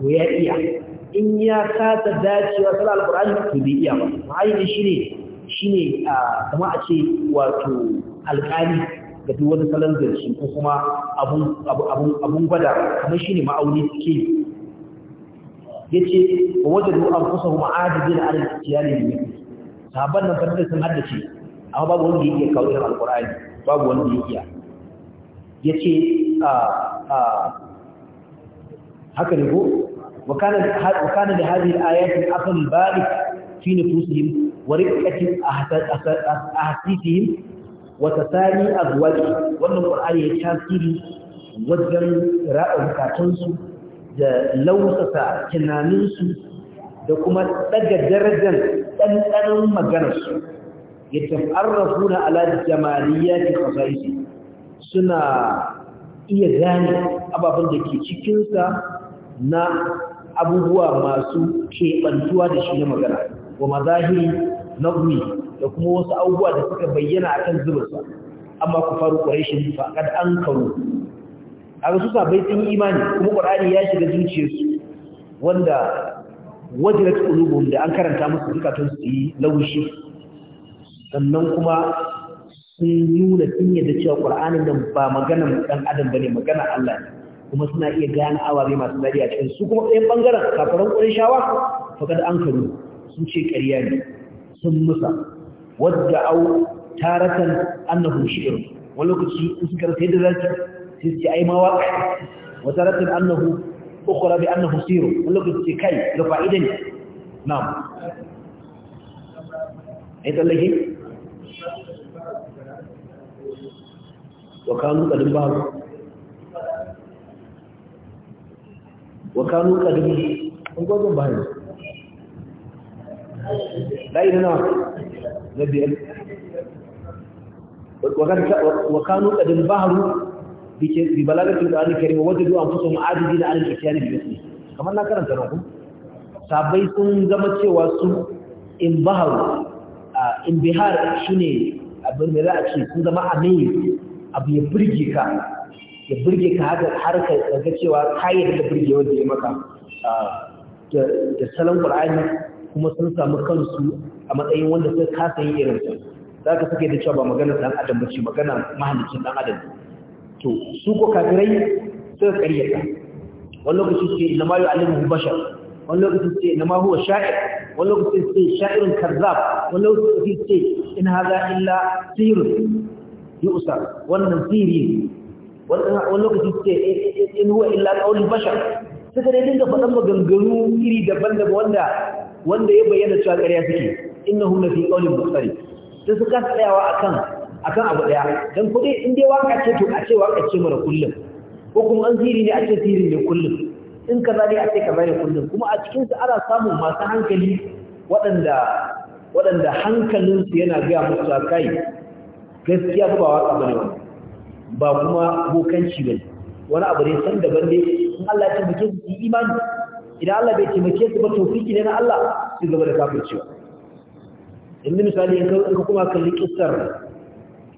to ya iya in ya kasa dacewa sana alkur'ani to bai iya ba ma'ayin shi ne shi ne ah, a ce wato alƙali Ga duk wani salon zance ko kuma abun gwada kamar shi ne ma'auni suke yi. ya ce ba wajen ru'an kusa kuma adadin arin tiyari ne sahabban nan fadar sun haddace amma babu wanda ya iya kawo irin alkur'ani babu wanda ya iya ya ce haka ne ko وكان لهذه الآيات أثم بارك في نفوسهم ورقة أحاسيسهم wata sani azwaji wannan qur'ani ya tasiri wajen raɗa bukatunsu da lausasa tunaninsu da kuma daga darajar ɗanɗanon magana ya tafarrafu na alaji jamaliya da kasaisi suna iya gane ababen da ke cikinsa na abubuwa masu keɓantuwa da shi na magana wa mazahiri na da kuma wasu abubuwa da suka bayyana akan zubinsa amma ku faru ƙwarishin fa kad an karu a wasu sabai sun yi imani kuma ƙwarari ya shiga zuciyarsu wanda wajirat ƙulubun da an karanta musu zukatun su yi laushi sannan kuma sun nuna sun yadda cewa ƙwar'anin nan ba maganan dan adam ba ne magana Allah ne kuma suna iya gane awabe masu daɗi a cikin su kuma ɗayan ɓangaren kafaran ƙwarin shawa fakad an karu sun ce ƙarya ne sun musa wadda au taratan annahu shi'r wani lokaci iskar suka da zaki sai su ce ai ma waka wa taratan annahu ukhra bi annahu sir wani lokaci kai da fa'ida ne na'am ai tsallake wa kanu kadin ba? wa kanu kadin kun gwazon bayan da na na biyar wa kanu qadin bahru bi balagatul qur'an karim wajadu anfusahum ajidina an al-ityan bi ismi kamar na karanta nan ku sabai sun zama cewa su in bahru in bihar shine abin da za a ce sun zama amazed abu ya birge ka ya ka haka har ka daga cewa kayyar da birge wanda ya maka da salon qur'ani kuma sun samu kansu a matsayin wanda sun kasa yin irin su za ka suke da cewa ba magana ɗan adam ba ce magana mahallicin ɗan adam to su ko kafirai suka karyata wani lokaci ce na mayu yi alimu bashar wani lokaci ce na mahu wa sha'ir wani lokaci ce sha'irin karzab wani lokaci ce in haza illa sirrin yi usa wannan sirri wani lokaci ce in huwa illa ƙaunin bashar suka dai dinga faɗan maganganu iri daban-daban wanda wanda ya bayyana cewa ƙarya suke innahum la fi qawlin mustari sai su kasa tsayawa akan akan abu daya dan kudi in dai waka ce to a ce waka ce mara kullum ko kuma an ziri ne a ce ziri ne kullum in kaza ne a ce kaza ne kullum kuma a cikin su ana samun masu hankali waɗanda waɗanda hankalinsu yana gaya musu a kai gaskiya ba waka bane wannan ba kuma bokanci bane wani abu ne san daban ne in Allah ya tabbata su imani idan Allah bai taimake su ba tofiki ne na Allah su gaba da kafircewa yanzu misali in ka kuma kalli kissar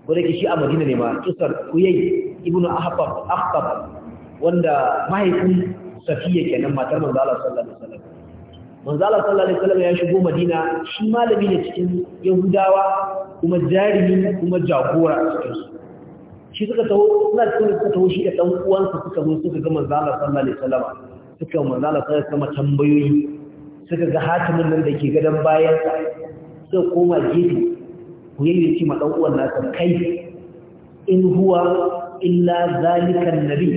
wadda ke shi a madina ne ma kissar kuyai ibn ahbab ahbab wanda mahaifin safiya kenan matar manzo Allah sallallahu alaihi wasallam manzo Allah sallallahu alaihi wasallam ya shigo madina shi malami ne cikin yahudawa kuma jarimi kuma jagora a cikin su shi suka taho suna cikin suka taho shi da dan uwansa suka zo suka ga manzo Allah sallallahu alaihi wasallam suka manzala sai kuma tambayoyi suka ga hatimin nan da ke gadan bayan suka koma gefe ku yayyaci ma dan uwan nasa kai in huwa illa zalika annabi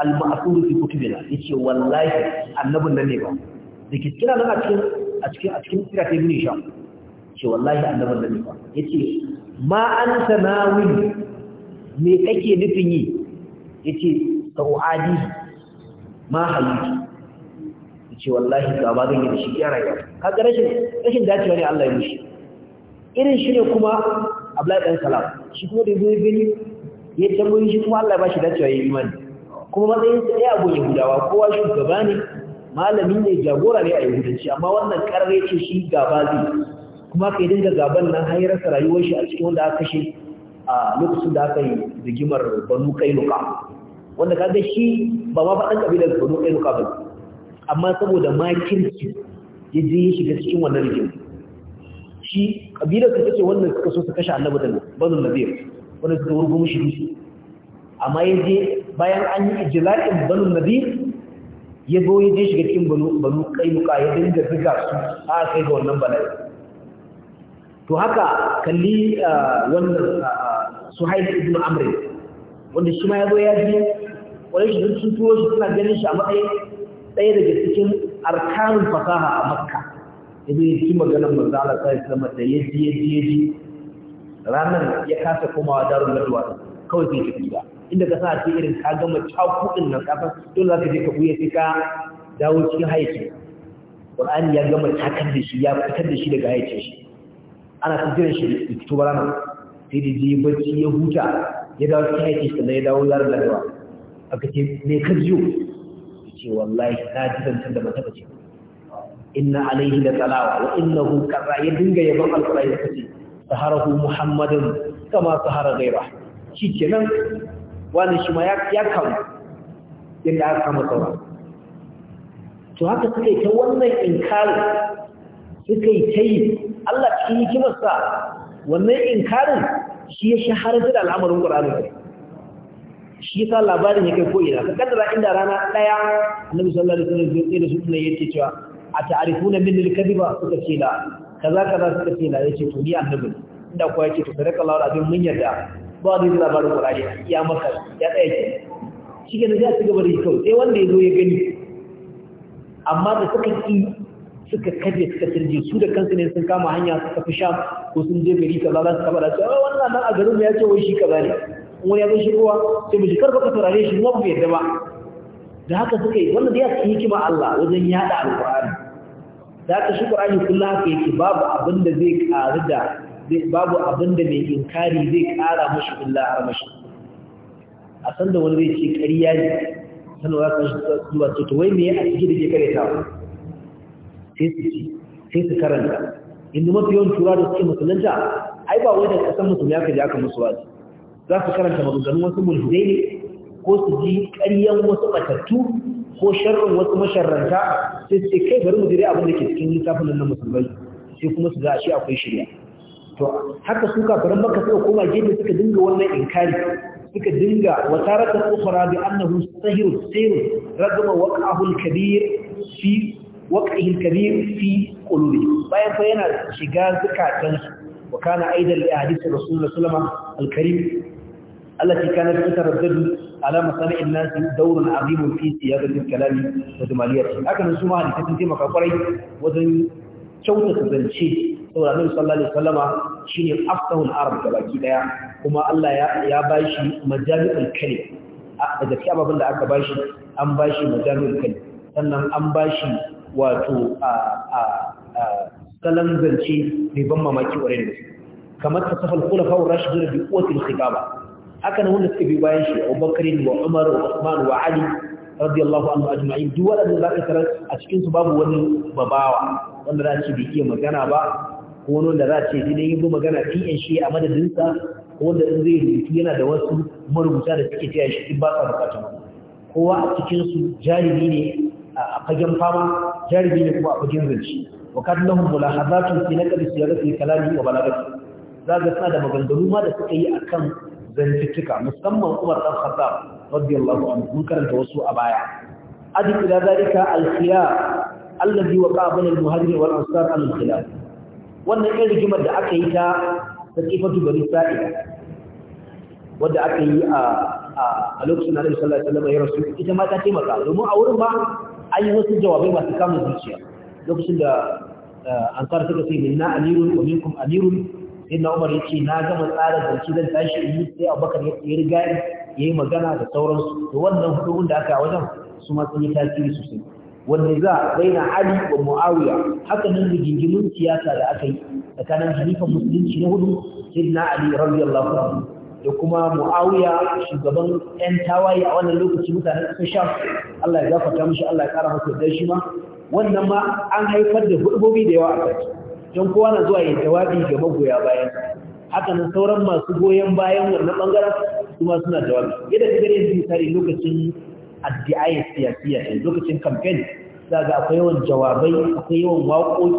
al-ma'thur fi kutubina yace wallahi annabin nan ne ba dake kira nan a cikin a cikin a cikin kira ta ibn hisham ce wallahi annabin nan ne ba yace ma anta nawil me kake nufin yi yace sau'adi ma halittu ya ce wallahi ga ba zai yi da shi ya rayuwa kaga rashin rashin dacewa ne Allah ya mushi irin shi ne kuma Abdullahi dan Salam shi kuma da zai gani ya tambayi shi kuma Allah ba shi dacewa ya yi imani kuma matsayin sa ɗaya abun Yahudawa kowa shugaba ne malami ne jagora ne a Yahudanci amma wannan karre ce shi gaba zai kuma ka yi dinga gaban nan har rasa rayuwar shi a cikin wanda aka kashe a lokacin da aka yi rigimar banu kai luka wanda ka ga shi ba ma faɗan ƙabilar ɗaya ƙainuka ba amma saboda makirci ya je ya shiga cikin wannan rikin shi ƙabilar su take wannan suka so su kashe annabi da bazin nabiyar wanda suka wurgo mushi dutse amma ya je bayan an yi ijla'in banin nabiyar ya zo ya je shiga cikin banu ƙainuka ya dinga zuga su a kai ga wannan bala'i to haka kalli ah, wannan ah, suhail ibn amr wanda shi ma ya zo ya ji wani shi sun tuwo shi suna ganin shi a matsayin ɗaya daga cikin arkanin fasaha a makka idan ya ci maganar manzala sai sama da ya ji ya ji ya ji ranar ya kasa komawa darun ladwa kawai sai ka gida inda ka sa a ce irin ka gama cakudin nan kafin dole za ka je ka buye sai ka dawo cikin haiti ƙwar'an ya gama takar da shi ya fitar da shi daga haiti shi ana ta jiran shi da fito ranar. sai da ji bacci ya huta ya dawo cikin haiti sannan ya dawo zarar ladawa aka ce me ka jiyo ce wallahi na ji zancen da ba taɓa inna alaihi da talawa wa innahu kaza ya dinga yaban alƙur'ani ya ce saharahu muhammadin kama sahara gaira shi nan, wani shi ma ya kawo yadda aka kama saura to haka suka yi ta wannan inkarin suka yi ta yi Allah cikin hikimarsa wannan inkarin shi ya shahara da al'amarin ƙwararren shi yasa labarin ya kai ko ina ka kaddara inda rana daya annabi sallallahu alaihi wasallam ya da sunna yake cewa a ta'rifuna min al-kadhiba suka ce la kaza kaza suka ce la yace to ni annabi inda ko yake to sadaka Allah azim mun yarda ba da labarin Qur'ani ya maka ya tsaya ke shi ke da su gaba da kyau sai wanda ya zo ya gani amma da suka ki suka kaje suka turje su da kansu ne sun kama hanya suka fi sha ko sun je gari kaza za su kaba da cewa wannan nan a garin ya ce wai shi kaza ne wani ya zo ruwa sai mu ji karfa ka saurare shi mu yadda ba da haka suka yi wannan da ya ci hikima Allah wajen yada alqur'ani da haka shi qur'ani kullu haka yake babu abin da zai karu da babu abin da mai inkari zai kara mashi illa armashi a san da wani zai ce ƙarya ne sannan za ka zuwa to wai me a cikin da ke ta sai su ci sai su karanta inda mafi yawan tura da suke musulunta ai ba wai da kasan musulmi aka ji aka musu wazi za su karanta maganganun wasu mulhudai ko su ji karyan wasu matattu ko sharrin wasu masharranta sai su kai bari mu jira abin da ke cikin littafin nan na musulmai sai kuma su ga shi akwai shirya to haka su kafiran makka suka koma gefe suka dinga wannan inkari suka dinga wataratan ukhra bi annahu sahir sayr ragama waqahu al-kabir fi waqtihi al-kabir fi qulubi bayan fa yana shiga zakatan wa kana aidan li hadith rasulullah sallallahu alaihi wasallam al-karim التي كانت تتردد على مصالح الناس دور عظيم في سيادة الكلام وجماليته هكذا نسمع حديثة تنتيمة كفري وزن شوتة زنشي سورة النبي صلى الله عليه وسلم شين أفته العرب كباكي ديا كما الله يا باشي مجامع الكلم إذا كي أبا بلد أكا باشي أم باشي مجامع الكلم sannan an bashi wato salon zance mai ban mamaki ƙwarai da su kamar ta safal kula fawon rashidu da bi ƙotin khitaba haka wanda suka bi bayan shi Abubakar wa Umar wa Uthman wa Ali radiyallahu anhu ajma'in duk waɗanda zaka tarar a cikin su babu wani babawa wanda za ce bai iya magana ba ko wani wanda za ce idan yi magana fiye shi a madadin sa ko wanda in zai rubuta yana da wasu marubuta da suke taya shi ba sa bukatun kowa a cikin su jarumi ne a fagen fama jarumi ne kuma a fagen zance wa kad lahum mulahazatun fi naqdi siyarati kalami wa balagati zaga sa da maganganu ma da suka yi akan zantuttuka musamman Umar ɗan Khattab radiyallahu anhu mun karanta wasu a baya adi ila zalika al-khiyar allazi waqa bayna al-muhajirin wal ansar al wannan irin rigimar da aka yi ta sakifatu bani sa'id wanda aka yi a a lokacin da Annabi sallallahu alaihi wasallam ya rasu ita ma ta taimaka domin a wurin ma ayi wasu jawabai masu kama zuciya lokacin da eh, ansar suka ce minna amirun wa minkum amirun na umar ce na gama tsara zance zan tashi in yi sai abubakar ya yi riga ya yi magana da sauransu Da wannan hudurin da aka wajen su ma sun yi tasiri sosai wanda za baina ali wa muawiya haka nan siyasa da aka yi tsakanin halifan musulunci na hudu sayyidina ali radiyallahu anhu da kuma muawiya shugaban yan tawaye a wannan lokaci mutanen kasar sham Allah ya gafarta mishi Allah ya kara masa da shi ma wannan ma an haifar da hudubobi da yawa a kai don kowa na zuwa yin jawabi ga magoya bayan haka nan sauran masu goyon bayan wannan bangaren ma suna jawabi yadda ta gare yanzu misali lokacin addi'ai siyasiya ne lokacin campaign za ga akwai yawan jawabai akwai yawan waƙoƙi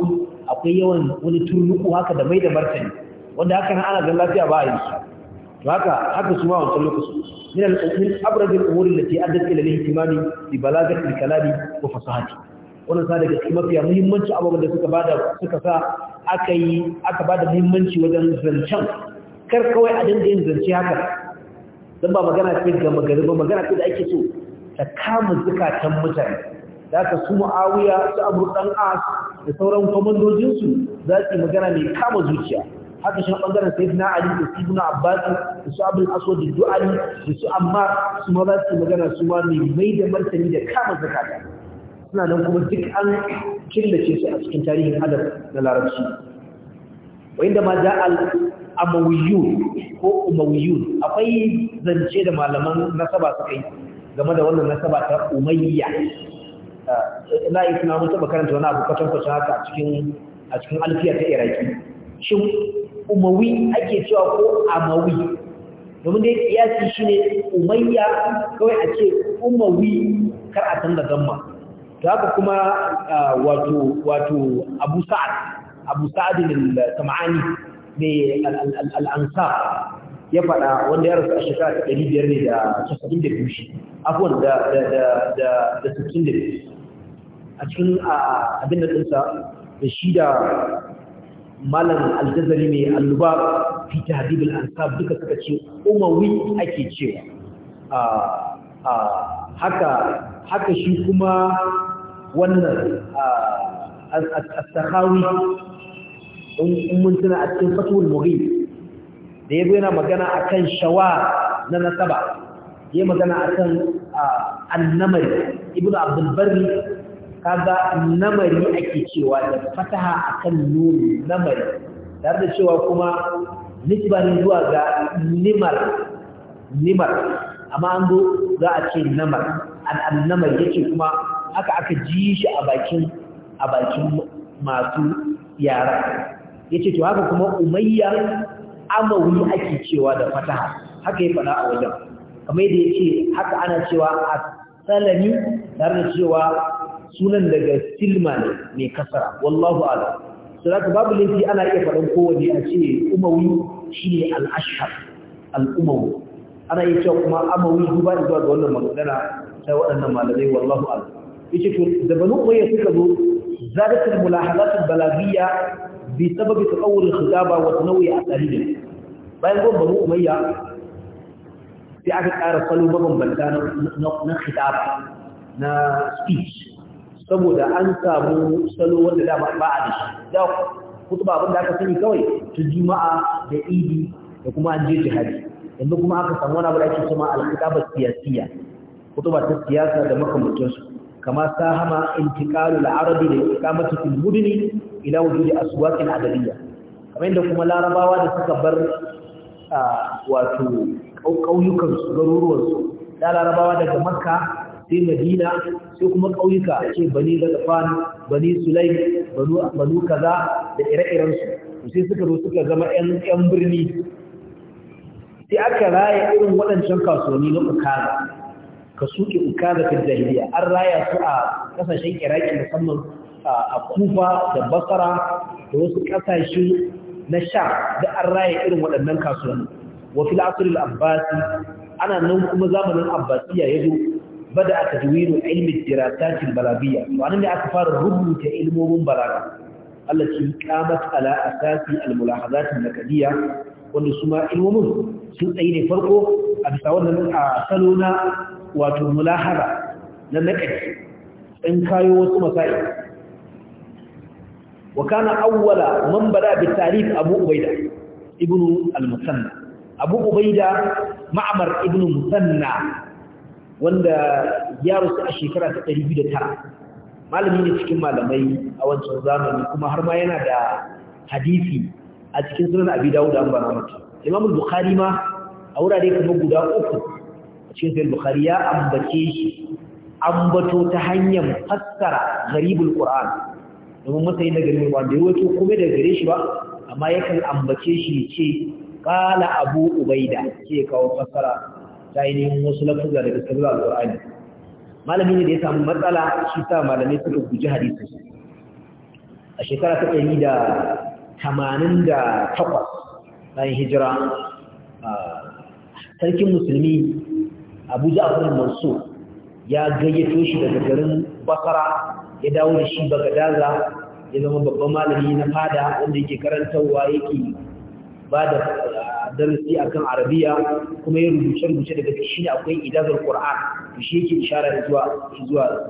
akwai yawan wani turnuku haka da mai da martani wanda haka nan ana ga lafiya ba a yi su to haka haka su ma wancan lokacin min al-umur min abrad al-umur addat ila bi balagati al wannan sa daga cikin mafiya muhimmanci abubuwan da suka bada suka sa aka yi aka bada muhimmanci wajen zancen kar kawai a dinga yin zance haka dan ba magana ce ga magana ba magana ce da ake so ta kama zukatan mutane da aka su mu'awiya su abu dan as da sauran kwamandojinsu za su magana mai kama zuciya haka shi ɓangaren sai na ali da su na abbas da su abin aso da du'ali da su amma su ma za su magana su ma mai mai da martani da kama zikata. suna nan kuma duk an killace su a cikin tarihin adab na larabci wa inda ma za al amawiyun ko umawiyun akwai zance da malaman nasaba suka yi game da wannan nasaba ta umayya na yi suna mutu makaranta wani abu kwatan kwatan haka a cikin alfiya ta iraki shin umawi ake cewa ko amawi domin dai shi ne, umayya kawai a ce umawi kar a canza gamma da haka kuma wato wato Abu Sa'ad Abu Sa'ad al-Sam'ani ne al-Ansar ya faɗa wanda ya rasu a shekara ta ɗari biyar ne da casa'in da biyu shi afuwan da da sittin da biyu a cikin abin da ɗinsa da shi da malam aljazari mai alluba fi tahdib al ansar duka suka ce umawi ake cewa haka haka shi kuma wannan as-sakhawi in mun tuna a cikin fatul mughi da yabo yana magana akan shawa na nasaba yayi magana akan annamari ibnu abdul barri kaga namari ake cewa da fataha akan nuni namari tare da cewa kuma nisba zuwa ga nimar nimar amma an zo za a ce namar al'annamar yake kuma haka aka ji shi a bakin a masu yara yace to haka kuma umayya amawi ake cewa da fataha haka ya fada a wajen kamar yadda yace haka ana cewa as-salami tare da cewa sunan daga silma ne mai kasara wallahu ala? saboda babu laifi ana iya faɗan kowane a ce umawi shine al-ashhar al-umawi ana iya cewa kuma amawi duba zuwa ga wannan magana ta waɗannan malamai wallahu a'lam yace to da banu umayya suka zo zadatul mulahazatul balagiyya bi sababi taqawwur al-khidaba wa tanawwi al-asalibi bayan gon banu umayya sai aka ƙara salo mabambanta na khidaba na speech saboda an samu salo wanda da ba a da shi da kutuba abin da aka sani kawai ta juma'a da idi da kuma an je jihadi yanzu kuma aka samu wani abu da ake cewa al siyasiya kutuba ta siyasa da makamantansu kama sahama intiqalu al-arabi da iqamatu fil mudini ila wujudi aswaq al-adabiyya kamar yadda kuma larabawa da suka bar wato kauyukan su garuruwan su da larabawa daga makka sai madina sai kuma kauyuka ce bani gadfan bani sulaim banu banu kaza da ire-iren su sai suka zo suka zama ƴan yan birni sai aka raya irin waɗancan kasuwanni na ukaza ka suke ukaza ta jahiliya an raya su a ƙasashen iraki musamman a kufa da basara da wasu ƙasashe na sha da an raya irin waɗannan kasuwanni wa fil abbasi ana nan kuma zamanin abbasiya yazo bada a tajwiru ilmin dirasatil balabiya wannan ne aka fara rubuta ilmomin balaga allati qamat ala asasi al mulahazatin al nakadiyya wanda su ma ilmomin sun tsaye ne farko a bisa wannan a salo na wato mulahara na naƙari ɗan kayo wasu masa'i wa kana awwala man bada bi tarif abu ubaida ibnu al-musanna abu ubaida ma'mar ibnu musanna wanda ya rusu a shekara ta 209 malami ne cikin malamai a wancan zamani kuma har ma yana da hadisi a cikin sunan abi dawud an bana mutu imam bukhari ma a wurare kuma guda uku a cikin sunan bukhari ya ambace shi ambato ta hanyar fassara gharibul qur'an domin mutai na garin wanda da wato kuma da gare shi ba amma yakan ambace shi ce qala abu ubaida ke kawo fassara ta neman wasu lafuza daga sahih al-qur'ani malami ne da ya samu matsala shi sa malamai suka guji hadisi a shekara ta ɗari da tamanin da takwas bayan hijira sarkin musulmi abu ja'afar mansur ya gayyato shi daga garin basara ya dawo da shi bagadaza ya zama babban malami na fada wanda yake karantarwa yake ba da darasi akan arabiya kuma ya rubuce-rubuce daga shi ne akwai idazar qur'an da shi yake ishara zuwa zuwa ga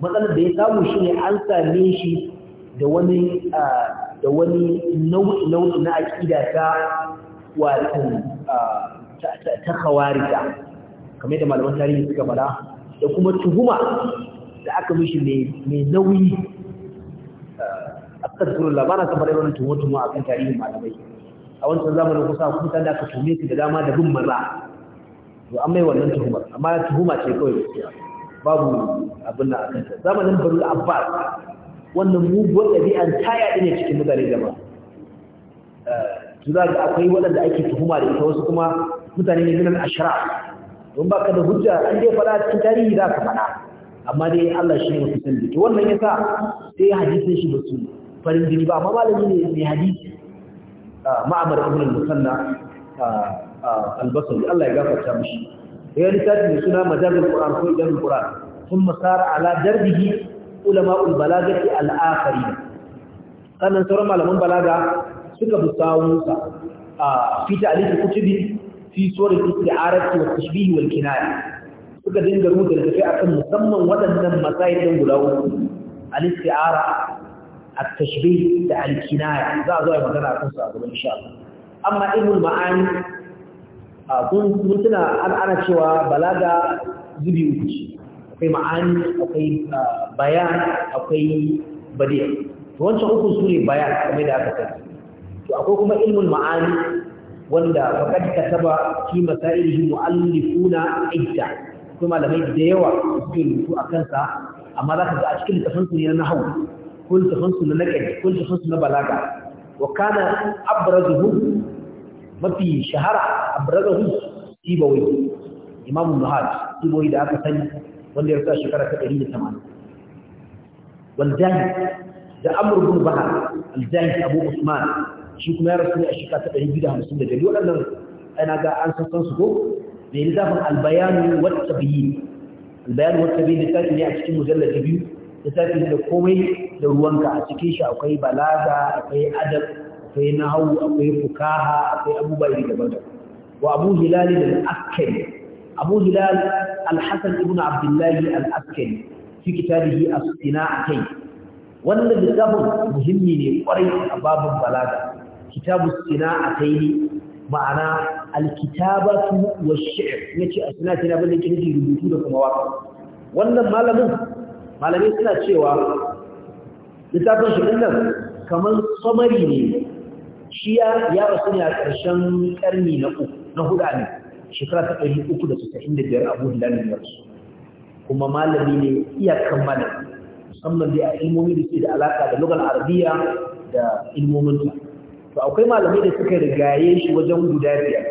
matsalar da ya samu shi ne an same shi da wani da wani nau'i nau'i na aƙida ta wato ta kawarita, kamar da malaman tarihi suka fara da kuma tuhuma da aka mishi mai nauyi astagfirullah ba na san bare tuhuma a akan tarihin malamai a wancan zamanin kusa kusa da aka tuhume su da dama da bin maza to an mai wannan tuhumar amma tuhuma ce kawai babu abin da akan zamanin barul abbas wannan muguwar ɗabi'ar ta yaɗu ne cikin mutane jama'a su eh, za ga akwai waɗanda ake tuhuma da ita wasu kuma mutane ne minan ashira don ba ka da hujja an dai faɗa cikin tarihi za ka faɗa amma dai Allah shi ne mafi san to wannan ya sa sai hadisin shi ba su farin jini ba amma malami ne mai hadisi ma'amar ibn al-musanna al-basri Allah ya gafarta mishi ya littafi mai suna majazul qur'an ko idan qur'an sun masara ala darbihi ulama'ul balagati al'akari sannan sauran malaman balaga suka fi sawunsa a fita aliki kutubi fi tsorin isti'arati wa tashbihi wal kinaya suka dinga rubuta da tafi akan musamman waɗannan matsayin guda uku al a at da alkinaya za a zo a magana akan su a gaban insha Allah amma ilmul ma'ani kun tuna an ana cewa balaga zubi uku ce akwai ma'ani akwai ah, bayan akwai badiya to wancan uku su ne bayan kamar da aka sani to akwai kuma ilmul ma'ani wanda faqad kataba fi masailihi mu'allifuna idda akwai malamai da yawa suke rubutu a kansa amma za ka ga a cikin littafin su ne na nahwu ko littafin na naqd ko littafin na balaga wa kana abrazuhu mafi shahara abrazuhu sibawai imamu nuhat sibawai da aka sani wanda ya rasu a shekara ta 180 waljani da amur bin bahar aljani abu usman shi kuma ya rasu ne a shekara ta da 252 waɗannan ana ga an sassan su ko mai lissafin albayanu wata biyi albayanu wata biyi littafi ne a cikin mujallar da biyu littafi da komai da ruwanka a cikin shi akwai balaga akwai adab akwai nahawu akwai fukaha akwai abubuwa daban-daban wa abu hilali da akai abu hilal alhassan ibn abdullahi al'askari fi kitabihi a sina a kai wannan littafin muhimmi ne kwarai a babin balaga kitabu sina a kai ne ma'ana alkitabatu wa shi'ir ya ce a sina sina bane kirki rubutu da kuma waka wannan malamin malamai suna cewa littafin shi nan kamar samari ne shi ya rasu ne a ƙarshen ƙarni na uku na hudu ne shekara ta ɗari uku da sittin da biyar abu hilalin ya rasu kuma malami ne iyakan kammala. musamman dai a ilmomi da ke da alaƙa da lugar arabiya da ta. to akwai malamai da suka rigaye shi wajen guda biyar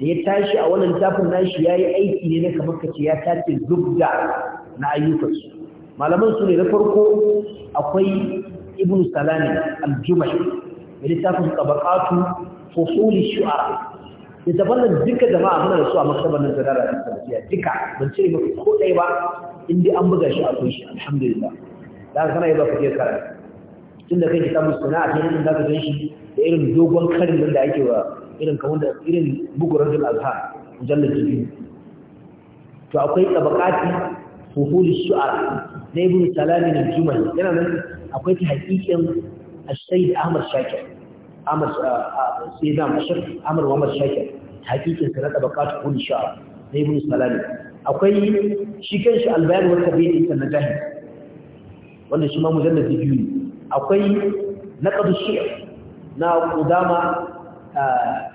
da ya tashi a wannan tafin nashi ya yi aiki ne na kamar kace ya tace zubda na ayyukansu malaman su ne na farko akwai ibn salami al-jumai da littafin tabaqatu fusuli shu'ara littafan nan duka jama'a muna da su a maktabar nan zarara da salafiya duka ban cire maka ko ɗaya ba in dai an buga shi akwai shi alhamdulillah da kana yi ba ka je karatu tunda kai kitabun sana'a ta nan da ka san shi da irin dogon karin nan da ake wa irin kamar da irin bugurar da azhar mujallar jibi to akwai tabaqati fuhul shu'ara na ibn salami na jumali yana nan akwai ta haƙiƙin السيد Ahmad شاكر Ahmad Sayyidam Ashir Ahmad Muhammad Shakir hakikin sa na tabaqat kun sha na Ibn Salami akwai shi kanshi Al-Bayan wa Tabi'in sa na Jahi wanda shi ma mujallad biyu ne akwai naqd shi'r na Qudama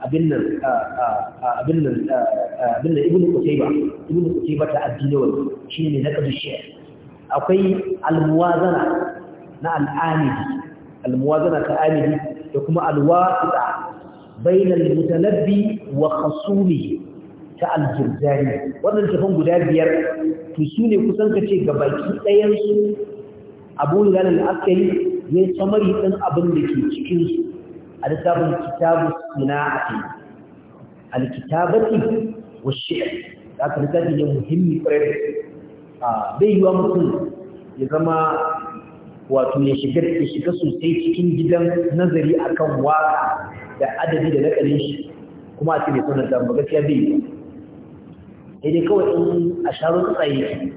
abin nan abin nan abin nan Ibn Qutayba Ibn Qutayba ta addinawi shine naqd shi'r akwai al-muwazana na al-amidi al-muwazana ta amidi da kuma alwasita bainal mutanabbi wa khasuli ta aljirjani wannan tafan guda biyar to su ne kusan ka ce gabaki ɗayan su abu da al'askari ya samari ɗin abin da ke cikin a lissafin kitabu suna a ce alkitabati wa shi'ar da aka lissafi ne muhimmi kwarai bai yiwa mutum ya zama wato ya shiga ya shiga sosai cikin gidan nazari akan waka da adadi da nakalin shi kuma a cikin sunan da gaskiya bai sai dai kawai in a sharo tsaye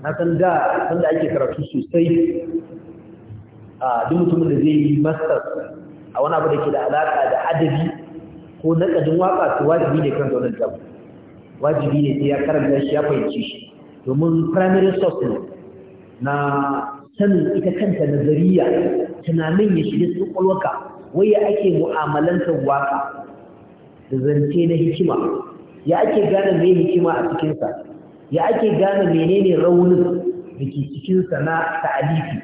na san da san da ake karatu sosai a duk mutumin da zai yi master a wani abu da ke da alaka da adadi ko nakadin waka to wajibi ne kan wannan tabu wajibi ne sai ya karanta shi ya fahimci shi domin primary source na sanin ita kanta nazariya tunanin ya shiga cikin kwalwaka wai ya ake mu'amalanta waka da zance na hikima ya ake gane mai hikima a cikinsa ya ake gane menene raunin da ke cikinsa na ta'alifi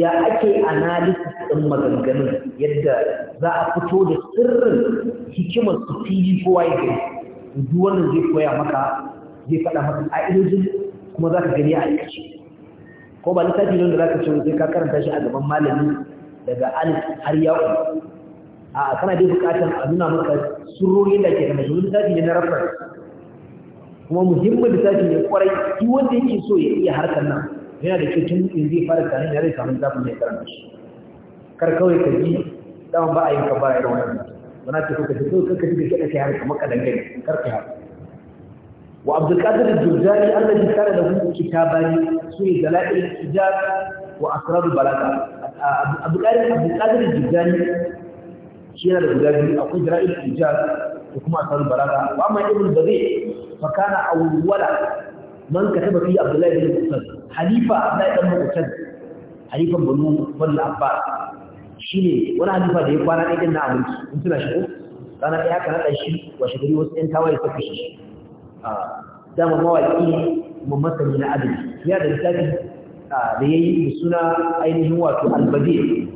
ya ake analysis ɗin maganganun yadda za a fito da sirrin hikimar su fili kowa ya gani duk wannan zai koya maka zai faɗa maka ƙa'idojin kuma za ka gani a aikace ko ba littafi ne da za ka ce sai ka karanta shi a gaban malami daga alif har ya'u a kana dai bukatar a nuna maka surorin da ke da mashi littafi ne na rafar kuma muhimmin littafi ne kwarai shi wanda yake so ya iya harkar nan yana da cikin in zai fara tare da rai samun zafin mai karanta shi kar kawai ka ji dama ba a yi ka ba a yi rawanar mutum wana ce kuka ji kawai kuka ji ka kiɗa kai maka dangane kar ka yi وعبد القادر الجرجاني الذي كان له كتابان سوى دلائل الحجاب وأسرار البلاغة عبد القادر الجرجاني شيرا الجرجاني أو دلائل الحجاب وكما أسرار البلاغة وأما ابن البديع فكان أول من كتب فيه عبد الله بن مقتد حليفة عبد الله بن مقتد حليفة بنو بن العباس شيني ولا حليفة دي وانا ايدنا عملت انتنا شكو رانا ايها كانت اشي وشكري وسئن تاوي سكشي dama mawaƙi mu masani na adabi ya da littafi da yayi da suna ainihin wato albadir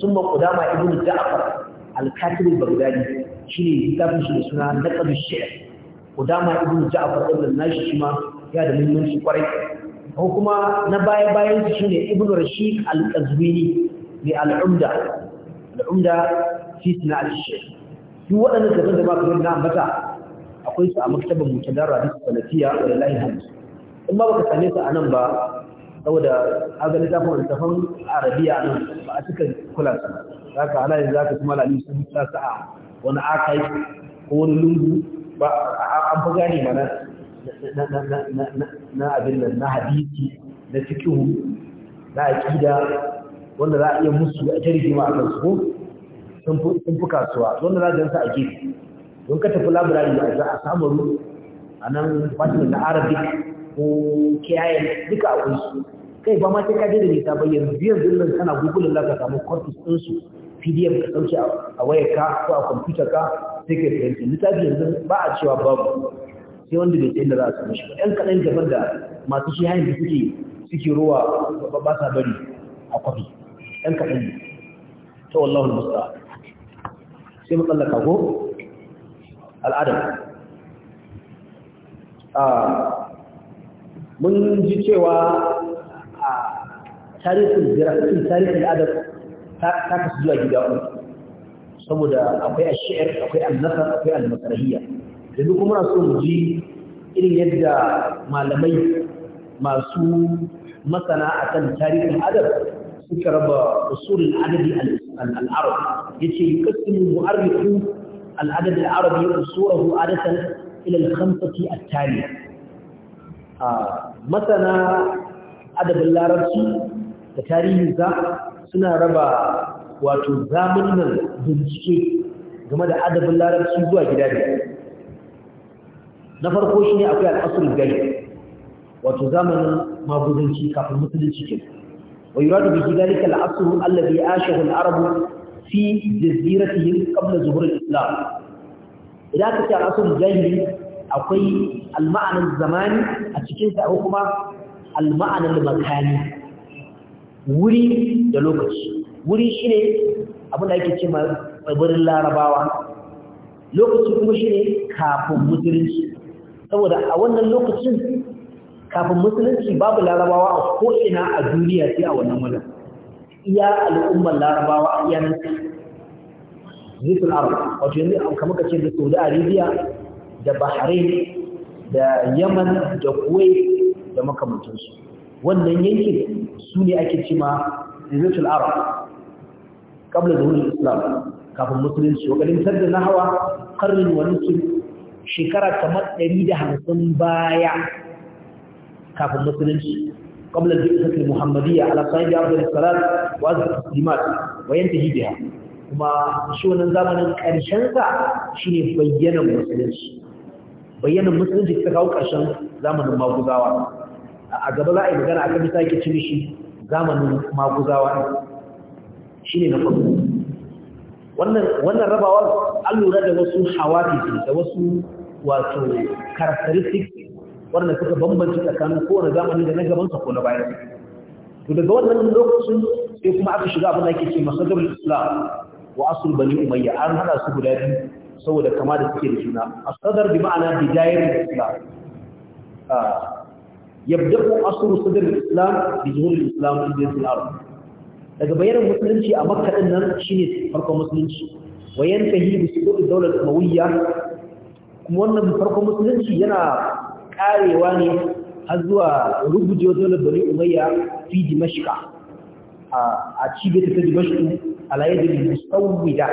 summa qudama Ibn ja'far al-katib al-baghdadi shine littafin shi da suna naqd al-shi'r qudama Ibn ja'far ibn nashi shima ya da muhimmanci kwarai ko kuma na baya bayan shi shine Ibn rashid al-qazwini li al-umda al-umda fi sina al-shi'r duk waɗannan da ba ka gani na ambata akwai su a maktabar mutadarra da salafiya wa lillahi hamd in ba baka same su a nan ba saboda aga littafin littafin arabiya nan ba a cika kula su za ka halayen za ka kuma lalai sun sa su a wani akai ko wani lungu ba an fi gane mana na abin nan na hadisi na fikihu na aƙida wanda za a iya musu a jirgin ma a kansu sun fi kasuwa wanda za a jansa a gefe mun ka tafi labirari ba za a samu a nan fatin na arabic ko kiyaye duka a kunsu kai ba ma sai ka je da nisa ba yanzu yanzu nan kana google za ka samu kwartus din su pdf ka sauke a wayar ka ko a computer ka sai ka fahimci littafi yanzu ba a cewa babu sai wanda bai tsaye da za a samu shi ba ɗan kaɗan da masu shi hanyar da suke suke ruwa ba sa bari a kwafi ɗan kaɗan ne ta wallahu musta sai mu tsallaka ko al'adam ah, mun ji cewa a ah, tarihin jirafin tarihin adab ta kasu zuwa gida uku saboda akwai a shi'ar akwai al akwai al yanzu kuma na so mu ji irin yadda malamai masu masana a kan tarihin adab suka raba usulul adabi al-arab yace yuqaddimu mu'arrifu العدد العربي أصوله عادة إلى الخمسة التالية آه مثلا عدد اللاربسي تتاريه ذا سنة ربا wato zamanin bincike game da adabin larabci zuwa gida ne na farko shi ne akwai al'asar gari wato zamanin maguzanci kafin musulunci ke wa yura da biki dalika al'asar ya ashe fi jaziratihim qabla zuhuril islam idan ka ce al'asul jahili akwai alma'anin zamani a cikin sa kuma alma'anin makani wuri da lokaci wuri shine abin da ake cewa tsibirin larabawa lokaci kuma shine kafin musulunci saboda a wannan lokacin kafin musulunci babu larabawa a ko'ina a duniya sai a wannan wajen iya al'ummar larabawa a iya iyanin zitul arab wato yanzu kamar kace da Saudi Arabia da Bahrain da Yemen, da Kuwait da makamantansu wannan yankin su ne ake cima zitul arab da wani islam kafin musulunci wakalin da na hawa karnin wa nufin shekara kamar 150 baya kafin musulunci qabla al-bi'sati al-muhammadiyya ala sayyidi abdul salam wa azkar muslimat wa yantahi biha kuma sunan zamanin ƙarshensa shine bayyana musulunci bayyanan musulunci ta kawo ƙarshen zamanin maguzawa a gaba za a yi magana akan bisa ke cin shi zamanin maguzawa shine na farko wannan wannan rabawar an lura da wasu hawafi da wasu wato characteristics wannan suka bambanci tsakanin kowane zamani da na gabansa ko na bayan to daga wannan lokacin sai kuma aka shiga abin da ake ce masadarul islam wa asul bani umayya an hada su guda biyu saboda kama da suke da juna asadar bi ma'ana bidayar islam ah, yabda'u asru sadr islam bi zuhur islam fi dinil daga bayanan musulunci a makka din nan shine farkon musulunci wayan tahi bi sudur daular umawiyya kuma wannan farkon musulunci yana karewa ne har zuwa rugujewar daular bani umayya fi dimashqa ah, a cibiyar ta dimashq على يد المستودع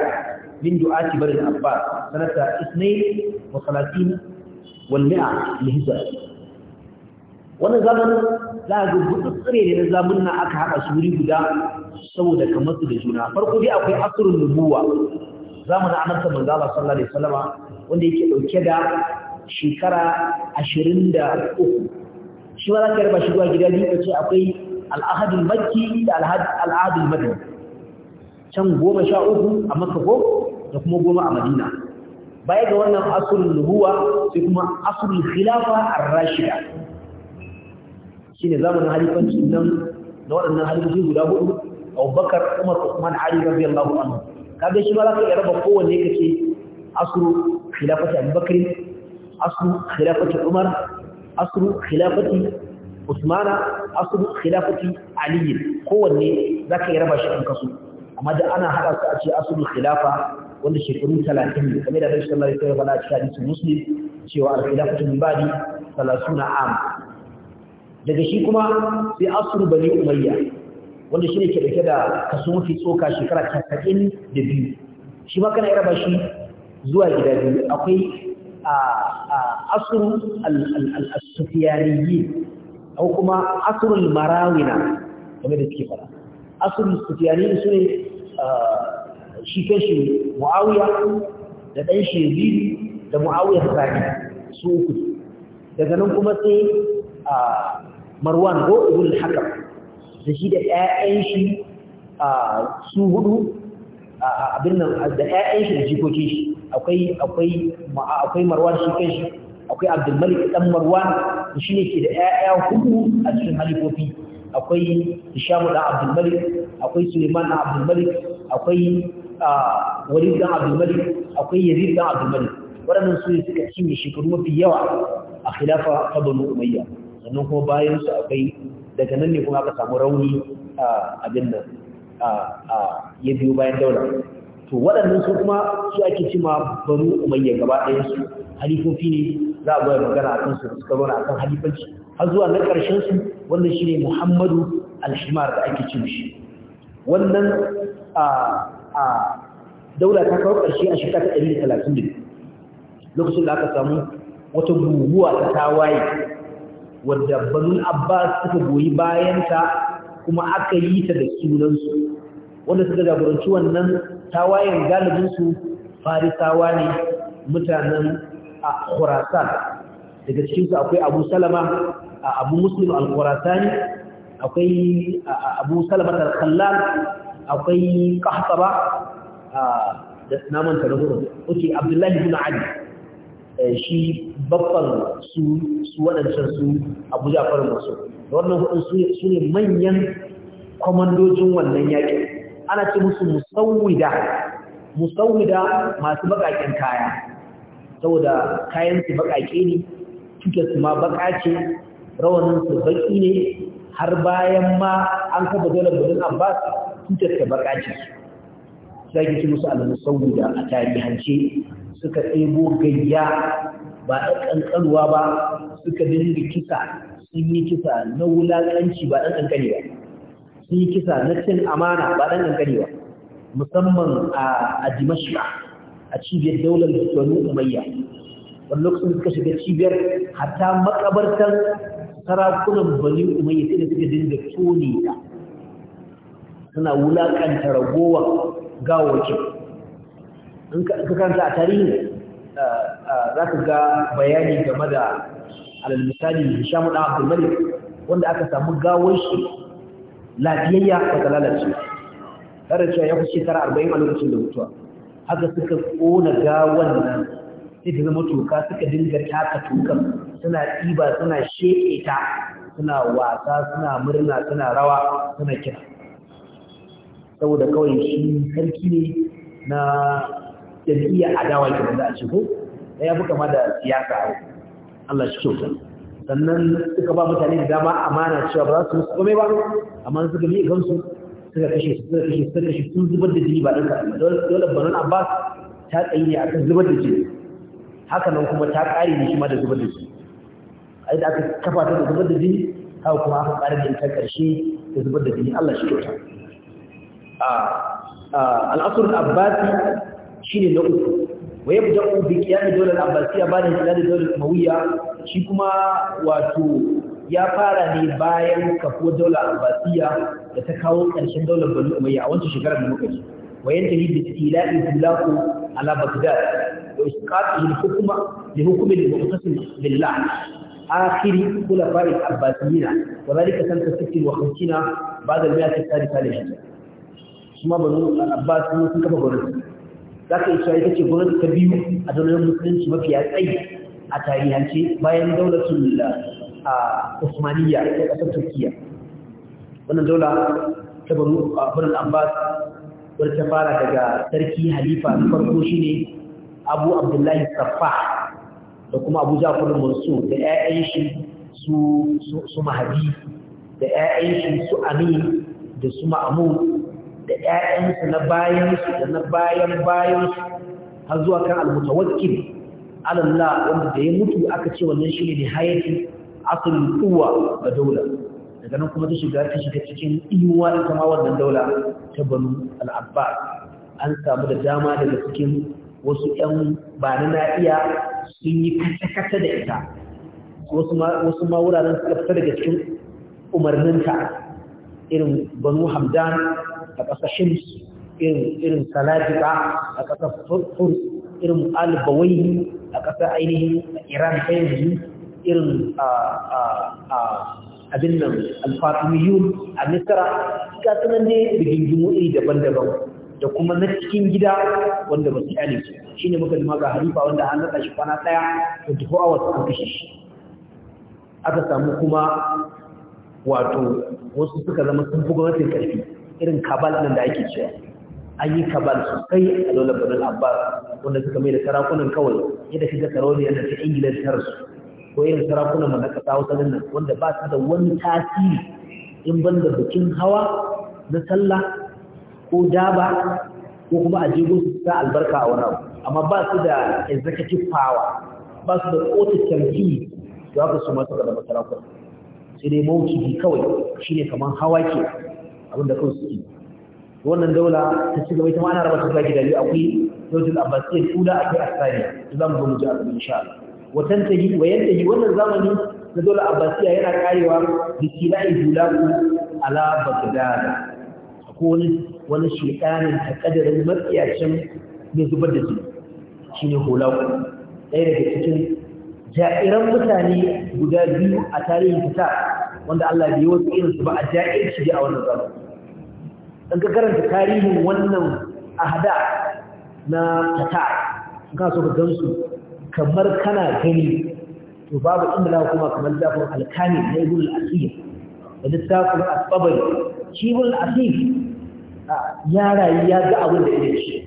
من دعاة بر الأبار سنة 32 والمئة za a gudu tsire ne na zamun aka haɗa su guda saboda kamar su da juna farko dai akwai asirin nubuwa zamanin annabta manzo Allah sallallahu alaihi wasallama wanda yake dauke da shekara 23 shi ma za gida biyu kace akwai al da al-ahadul can goma sha uku a makka da kuma goma a madina baya ga wannan asulul nubuwa sai kuma asulul khilafa a rashida shine zamanin halifanci nan da waɗannan halifofi guda hudu Abubakar Umar Uthman Ali radiyallahu anhu kaga shi ma za ka iya raba kowanne ka ce asru khilafati Abubakar asru khilafati Umar asru khilafati Uthman asru khilafati Aliyu, kowanne za ka iya raba shi an kasu. amma da ana haɗa su a ce asulul khilafa wanda shekaru talatin ne kamar da rashin Allah ya faɗa a cikin hadisin muslim cewa al-khilafatu min ba'di 30 am daga shi kuma sai asul bani umayya wanda shi ne ke dauke da kaso mafi tsoka shekara biyu. shi ma kana raba shi zuwa gida biyu akwai asrul al-sufiyaniyi ko kuma asrul marawina kamar da suke fara. asali sufiyani su ne shi mu'awiya da ɗan shebiri da mu'awiyar sani su uku daga nan kuma sai marwan ko ibn hakam da shi da ƴaƴan shi su hudu abin nan da ƴaƴan shi da jikokin shi akwai akwai akwai marwan shi kanshi akwai abdul malik dan marwan shi ne ke da ƴaƴa hudu a cikin halifofi akwai Hisham da Abdul Malik akwai Suleiman da Abdul Malik akwai ah, Walid da Abdul Malik akwai Yazid da Abdul Malik waɗannan su ne suka cinye shekaru mafi yawa a khilafa ta Banu Umayya sannan kuma bayan su akwai daga nan ne kuma aka samu rauni ah, abin nan ah, ya biyo bayan daula to waɗannan su kuma su ake cima banu umayya gaba ɗaya su halifofi ne za a goya magana a kansu suka zauna a kan halifanci har zuwa na ƙarshen su wannan shine Muhammadu al da ake cin shi wannan a daula ta kawo ƙarshe a shekara 1930 lokacin da aka samu wata guguwa ta tawaye wadda Banu Abbas suka goyi bayanta kuma aka yi ta da sunansu wanda suka jagoranci wannan tawayen galibinsu farisawa ne mutanen a Khurasan daga cikinsu akwai abu salama a abu muslim al-qurasani akwai abu salama al akwai qahtaba da naman ta oke abdullahi ibn ali eh, shi babban su su su abu jafar masu wannan hudun su ne manyan kwamandojin wannan yaƙi ana ce musu musawwida musawwida masu baƙaƙen kaya saboda kayan su baƙaƙe ne suke kuma ma baka ce rawanin baki ne har bayan ma an kaba dole birnin abbas tutar ta bakace ce sai su musu alamu da a tarihance suka ɗebo gayya ba ɗan ƙanƙanuwa ba suka dinga kisa sun yi kisa na wulaƙanci ba ɗan ƙanƙani ba sun yi kisa na cin amana ba ɗan ƙanƙani ba musamman a dimashka a cibiyar daular banu umayya wani lokacin suka shiga cibiyar hatta makabartan sarakunan bani umayya sai da suka dinga tone ta suna wulakanta ragowa gawoki in ka kanta a tarihi za ka ga bayani game da alal misali Hisham da Abdul Malik wanda aka samu gawar shi lafiyayya ba ta lalace ba. cewa ya fi shekara 40 a lokacin da mutuwa haka suka kona gawan nan sai ta zama toka suka dinga taka tukan suna ɗiba suna sheƙe ta suna wasa suna murna suna rawa suna kira saboda kawai shi sarki ne na jam'iyyar adawa kenan da a ce ko ya fi kama da siyasa a Allah shi kyauta sannan suka ba mutane da dama amana cewa ba za su musu komai ba amma suka miƙa kansu suka kashe su suka kashe suka kashe sun zubar da jini ba ɗan ɗanka dole banan abbas ta tsaye ne kan zubar da jini haka nan kuma ta ƙare ne shi ma da zubar da jini ai da aka kafa ta da zubar da jini haka kuma aka ƙare da ta ƙarshe da zubar da jini Allah shi kyauta al'asur al shi ne na uku wa ubi ya ne dole al ba ba'da hilal dawla dole mawuya shi kuma wato ya fara ne bayan kafo dole al-abbasiyya da ta kawo ƙarshen dole banu umayya a wancan shekarar da muka ji وينتهي باستيلاء الفلاق على بغداد وإسقاطه الحكم لحكم المعتصم بالله آخر خلفاء العباسيين وذلك سنة 56 بعد المئة الثالثة للهجرة ثم بنو العباس sun kafa gwamnati za ka isa ita ce gwamnati ta biyu a daular musulunci mafi a tsayi a tarihance bayan daulatul a Usmaniyya ta ƙasar Turkiyya wannan daula ta wadda ta fara daga sarki halifa na farko shine abu abdullahi safa da kuma abu jafar mansur da 'ya'yan shi su mahadi da 'ya'yan shi su amin da su ma'amun da 'ya'yansu na bayansu da na bayan bayansu har zuwa kan almutawakkil alallah wanda da ya mutu aka ce wannan shine hayati asalin kuwa ga daular daga nan kuma ta shiga ta shiga cikin imuwa ita ma wannan daula ta banu al'abbas an samu da dama daga cikin wasu ‘yan ba na na'iya sun yi kasa-kasa da ita wasu ma wuraren suka fita daga cikin umarninta irin banu hamdan a ƙasa shims irin salajika a ƙasa furs irin albawai a ƙasa ainihin iran ta yanzu irin ah, ah, ah, abin nan alfatimiyun a misra ga sunan ne rigingimu iri daban-daban da kuma na cikin gida wanda ba su shi ne muka zama ga harifa wanda an naɗa shi kwana da duk hours an kashe shi aka samu kuma wato wasu suka zama sun buga gwamnatin karfi irin kabal nan da ake cewa an yi kabal sosai a dole birnin abbas wanda suka mai da sarakunan kawai yadda shiga sarauniyar da ta ingila ta tarasu ko yin sarakunan mu na ƙasa hausanin nan wanda ba su da wani tasiri in ban da bikin hawa na sallah ko daba ko kuma a jego su ta albarka a wani amma ba su da executive power ba su da kotu tamki da haka su masu gaba sarakuna sai dai mawuki kawai shi ne kamar hawa ke abinda kawai ke. wannan daula ta ci gaba ita ma ana raba ta gida biyu akwai Dawlatul Abbasiyya kula akwai Asaniya za mu zo mu ji abin insha Allah watan tahi wayan tahi wannan zamani na dole abbasiya yana karewa da kila'i hulaku ala bagdad ko wani wani shekanin ta kadarin matsiyacin mai zubar da jini Shi shine hulaku ɗaya daga cikin ja'iran mutane guda biyu a tarihin kita wanda Allah bai wasu irinsu ba a ja'irci a wannan zamani dan ka karanta tarihin wannan ahada na tatar ka so ka gansu kamar kana gani to babu inda za kuma kamar zafin alkami na ibn al-asir da littafin asbabari shi ibn asir ya rayu ya ga abin da ya shi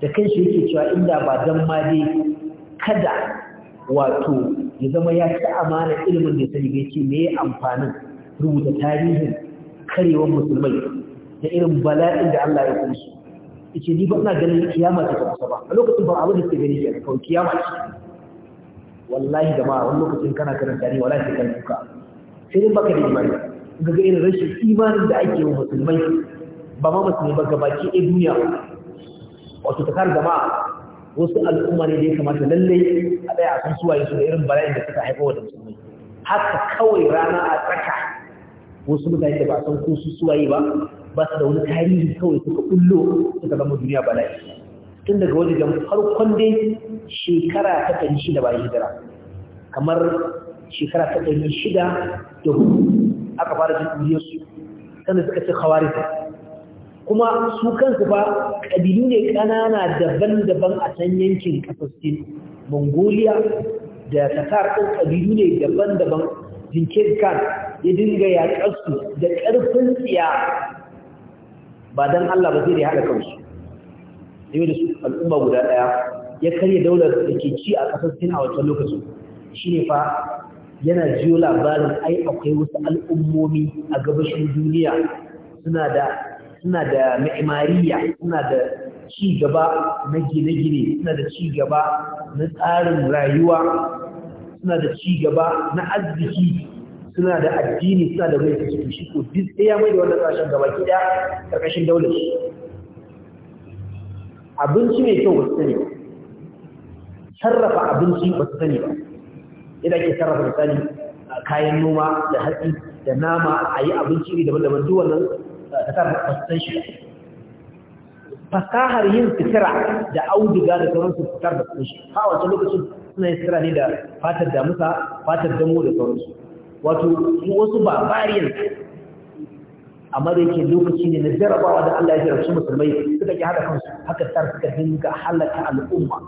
da kan shi yake cewa inda ba dan ma dai kada wato ya zama ya ci amana ilimin da ya sani bai ce me amfanin rubuta tarihin karewar musulmai da irin bala'in da Allah ya kunshi yace ni ba ina ganin kiyama ta kusa ba a lokacin ba abin da ke gani kenan kawai kiyama ce wallahi da ma wani lokacin kana karanta ne wala sai kan duka sai dai baka da imani ga ga irin rashin imanin da ake wa musulmai ba ma musulmai ba gabaki a duniya wato ta kar jama'a wasu al'umma ne da ya kamata lallai a ɗaya a san suwaye su da irin bala'in da suka haifar da musulmai haka kawai rana a tsaka wasu mutane da ba san ko su suwaye ba ba su da wani tarihi kawai suka kullo suka zama duniya ba lafi tun daga wani da farkon dai shekara ta ɗari shida bayan hijira kamar shekara ta ɗari shida da hudu aka fara jin ɗuriyarsu sannan suka ce ta. kuma su kansu ba ƙabilu ne ƙanana daban-daban a can yankin ƙasashen mongolia da tatar ɗin ƙabilu ne daban-daban jinkirkan ya dinga yaƙarsu da ƙarfin tsiya ba dan Allah ba zai da haɗa kansu yau da su al'umma guda ɗaya ya karya daular da ke ci a ƙasar sin a wancan lokacin shine fa yana jiyo labarin ai akwai wasu al'ummomi a gabashin duniya suna da suna da ma'imariya suna da ci gaba na gine-gine suna da ci gaba na tsarin rayuwa suna da ci gaba na arziki suna da addini suna da mai su shi ko duk sai ya mai da wannan sashen gaba ki da karkashin daular abinci mai kyau ba su sani sarrafa abinci ba su sani ba yadda ake sarrafa misali kayan noma da hatsi da nama a yi abinci ne daban-daban duk wannan ta sarrafa ba su san shi fasahar yin sitira da auduga da sauransu fitar da sun shi a wancan lokacin suna yin sitira ne da fatar damusa fatar damo da sauransu wato wasu barbarians amma da yake lokaci ne na jarabawa da Allah ya jarabci musulmai suka ƙi haɗa kansu haka tar suka dinga halaka al'umma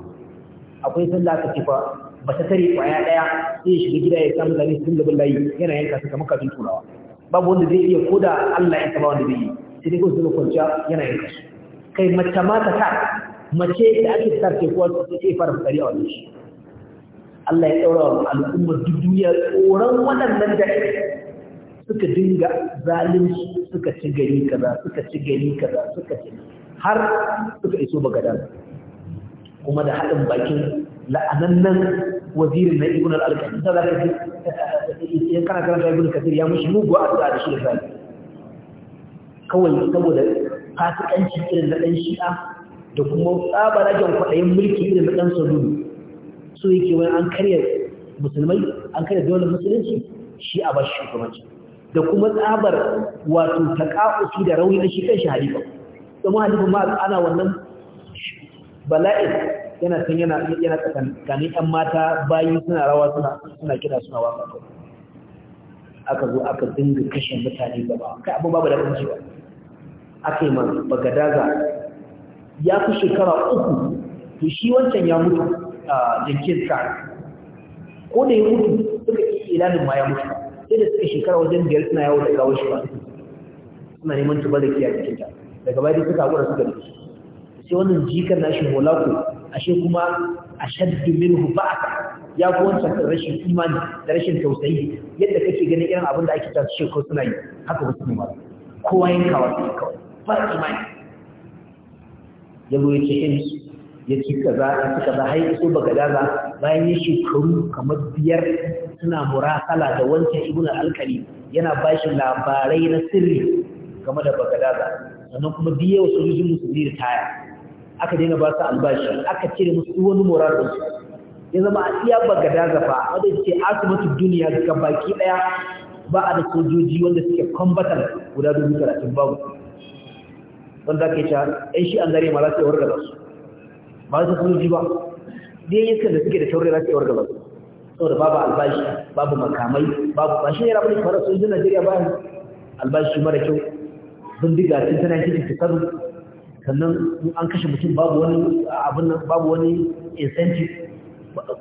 akwai sanda aka ce fa ba ta tare kwaya ɗaya, sai ya shiga gida ya samu zane sun gaban layi yana yanka su kamar kafin turawa babu wanda zai iya ko da Allah ya taba wanda zai yi sai dai kawai su kwanciya yana yanka su kai mace ma ta mace da ake sa ke kowa ta ce fara fitari a wani. shi Allah ya ɗaura wa al'ummar duk duniya tsoron waɗannan da suka dinga zalunci suka ci gani kaza suka ci gani kaza suka ci har suka iso ba gada. kuma da haɗin bakin la'anannan wazirin na ibn al-alqami da zaka ji in eh, kana karanta ibn kasir ya mushi mugu a da shi da kawai saboda fasikanci irin na ɗan shi'a da kuma tsabarajen kwaɗayin mulki irin na ɗan saludu so yake wani an karya musulmai an karya dole musulunci shi a bashi shugabanci da kuma tsabar wato taƙa'usi da rauni na shi kan shi halifa kuma halifa ma ana wannan bala'in yana san yana yana tsakanin ƴan mata bayi suna rawa suna suna kira suna waka aka zo aka dinga kashe mutane gaba kai abu babu da kanci ba aka yi ma bagadaga ya fi shekara uku to shi wancan ya mutu tsara. ko da ya mutu suka yi ilanin ma ya mutu sai da suka shekara wajen biyar suna yawo da gawo shi ba suna neman tuba da kiyar ta, daga baya suka haƙura suka rike sai wannan na shi molako ashe kuma a shaddu minhu ba'ata ya fi wancan rashin imani da rashin tausayi yadda kake ganin irin abin da ake ta shekaru suna yi haka wasu ne ba kowa yin kawai kawai fara imani ya zo ya su ya ci kaza ya ci kaza har iso bagadaza bayan ya shekaru kamar biyar suna murakala da wancan ibnu alkali yana ba shi labarai na sirri game da bagadaza sannan kuma biye wa sojojin musulmi ritaya aka daina ba su albashi aka cire musu wani muradin ya zama a iya bagadaza fa wanda ce asibiti duniya ga baki daya ba a da sojoji wanda suke kwambatan guda dubu talatin babu wanda ke cewa yan shi an gare ma za su yi wargaza su ba su ji ba dai yankan da suke da taurin za su yawar gaba saboda babu albashi babu makamai babu ba shi ne rabin fara sojin najeriya ba albashi mara kyau bindiga tun tana cikin fitar sannan an kashe mutum babu wani abin nan babu wani incentive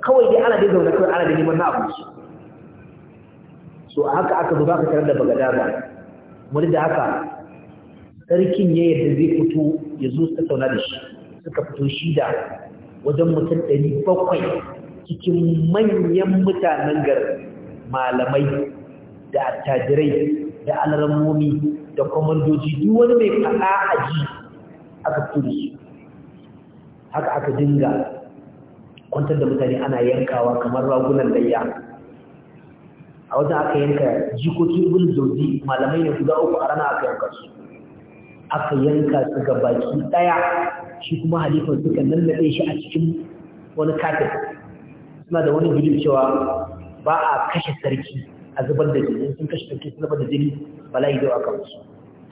kawai dai ana dai zaune kawai ana da neman na abinci so haka aka zo ka tarar da bagadaza wani da haka sarkin ya yadda zai fito ya zo tattauna da shi suka fito shida wajen mutum ɗari bakwai cikin manyan mutanen garin malamai da attajirai da alarmomi da kwamandoji duk wani mai faɗa a ji aka fito su haka aka dinga kwantar da mutane ana yankawa kamar ragunan layya a wajen aka yanka jikoki wani zozi malamai ne guda uku a rana aka yanka su aka yanka su ga baki daya shi kuma halifar suka lallabe shi a cikin wani kafin suna da wani gudun cewa ba a kashe sarki a zubar da jini sun kashe sarki sun zubar da jini bala'i zai waka wasu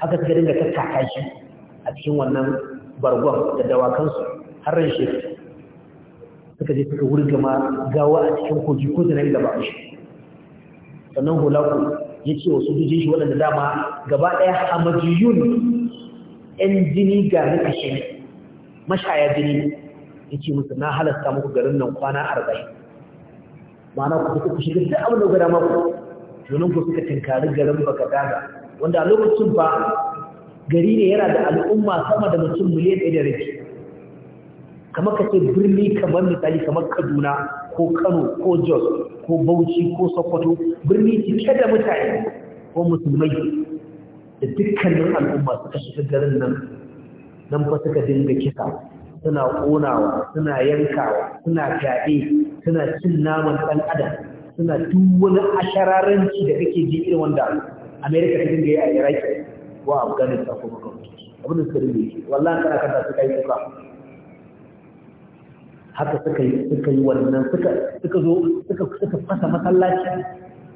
haka suka dinga tattaka shi a cikin wannan bargon da dawakansu har ran shi suka je suka wurga gama gawa a cikin kogi ko zanayi da ba shi sannan hulaku ya ce wasu dujin shi waɗanda dama gaba ɗaya hamadiyun 'yan jini ga na kashe mashaya jini ya ce musu na halasta muku garin nan kwana arba'in ma'ana ku suka ku shiga duk abin da gwada maku domin ku suka tinkari garin baka daga wanda a lokacin ba gari ne yana da al'umma sama da mutum miliyan ɗaya da kamar ka ce birni kamar misali kamar kaduna ko kano ko jos ko bauchi ko sokoto birni cike da mutane ko musulmai da dukkanin al'umma suka shiga garin nan nan fa suka dinga kisa suna ƙonawa suna yankawa suna fyaɗe suna cin naman ɗan adam suna duk wani ashararanci da kake ji irin wanda amerika ta dinga yi a iraq wa afghanistan ko makamantansu abin da suka dinga yi wallahi kana kanta suka yi kuka haka suka yi suka yi wannan suka suka zo suka suka fasa masallaci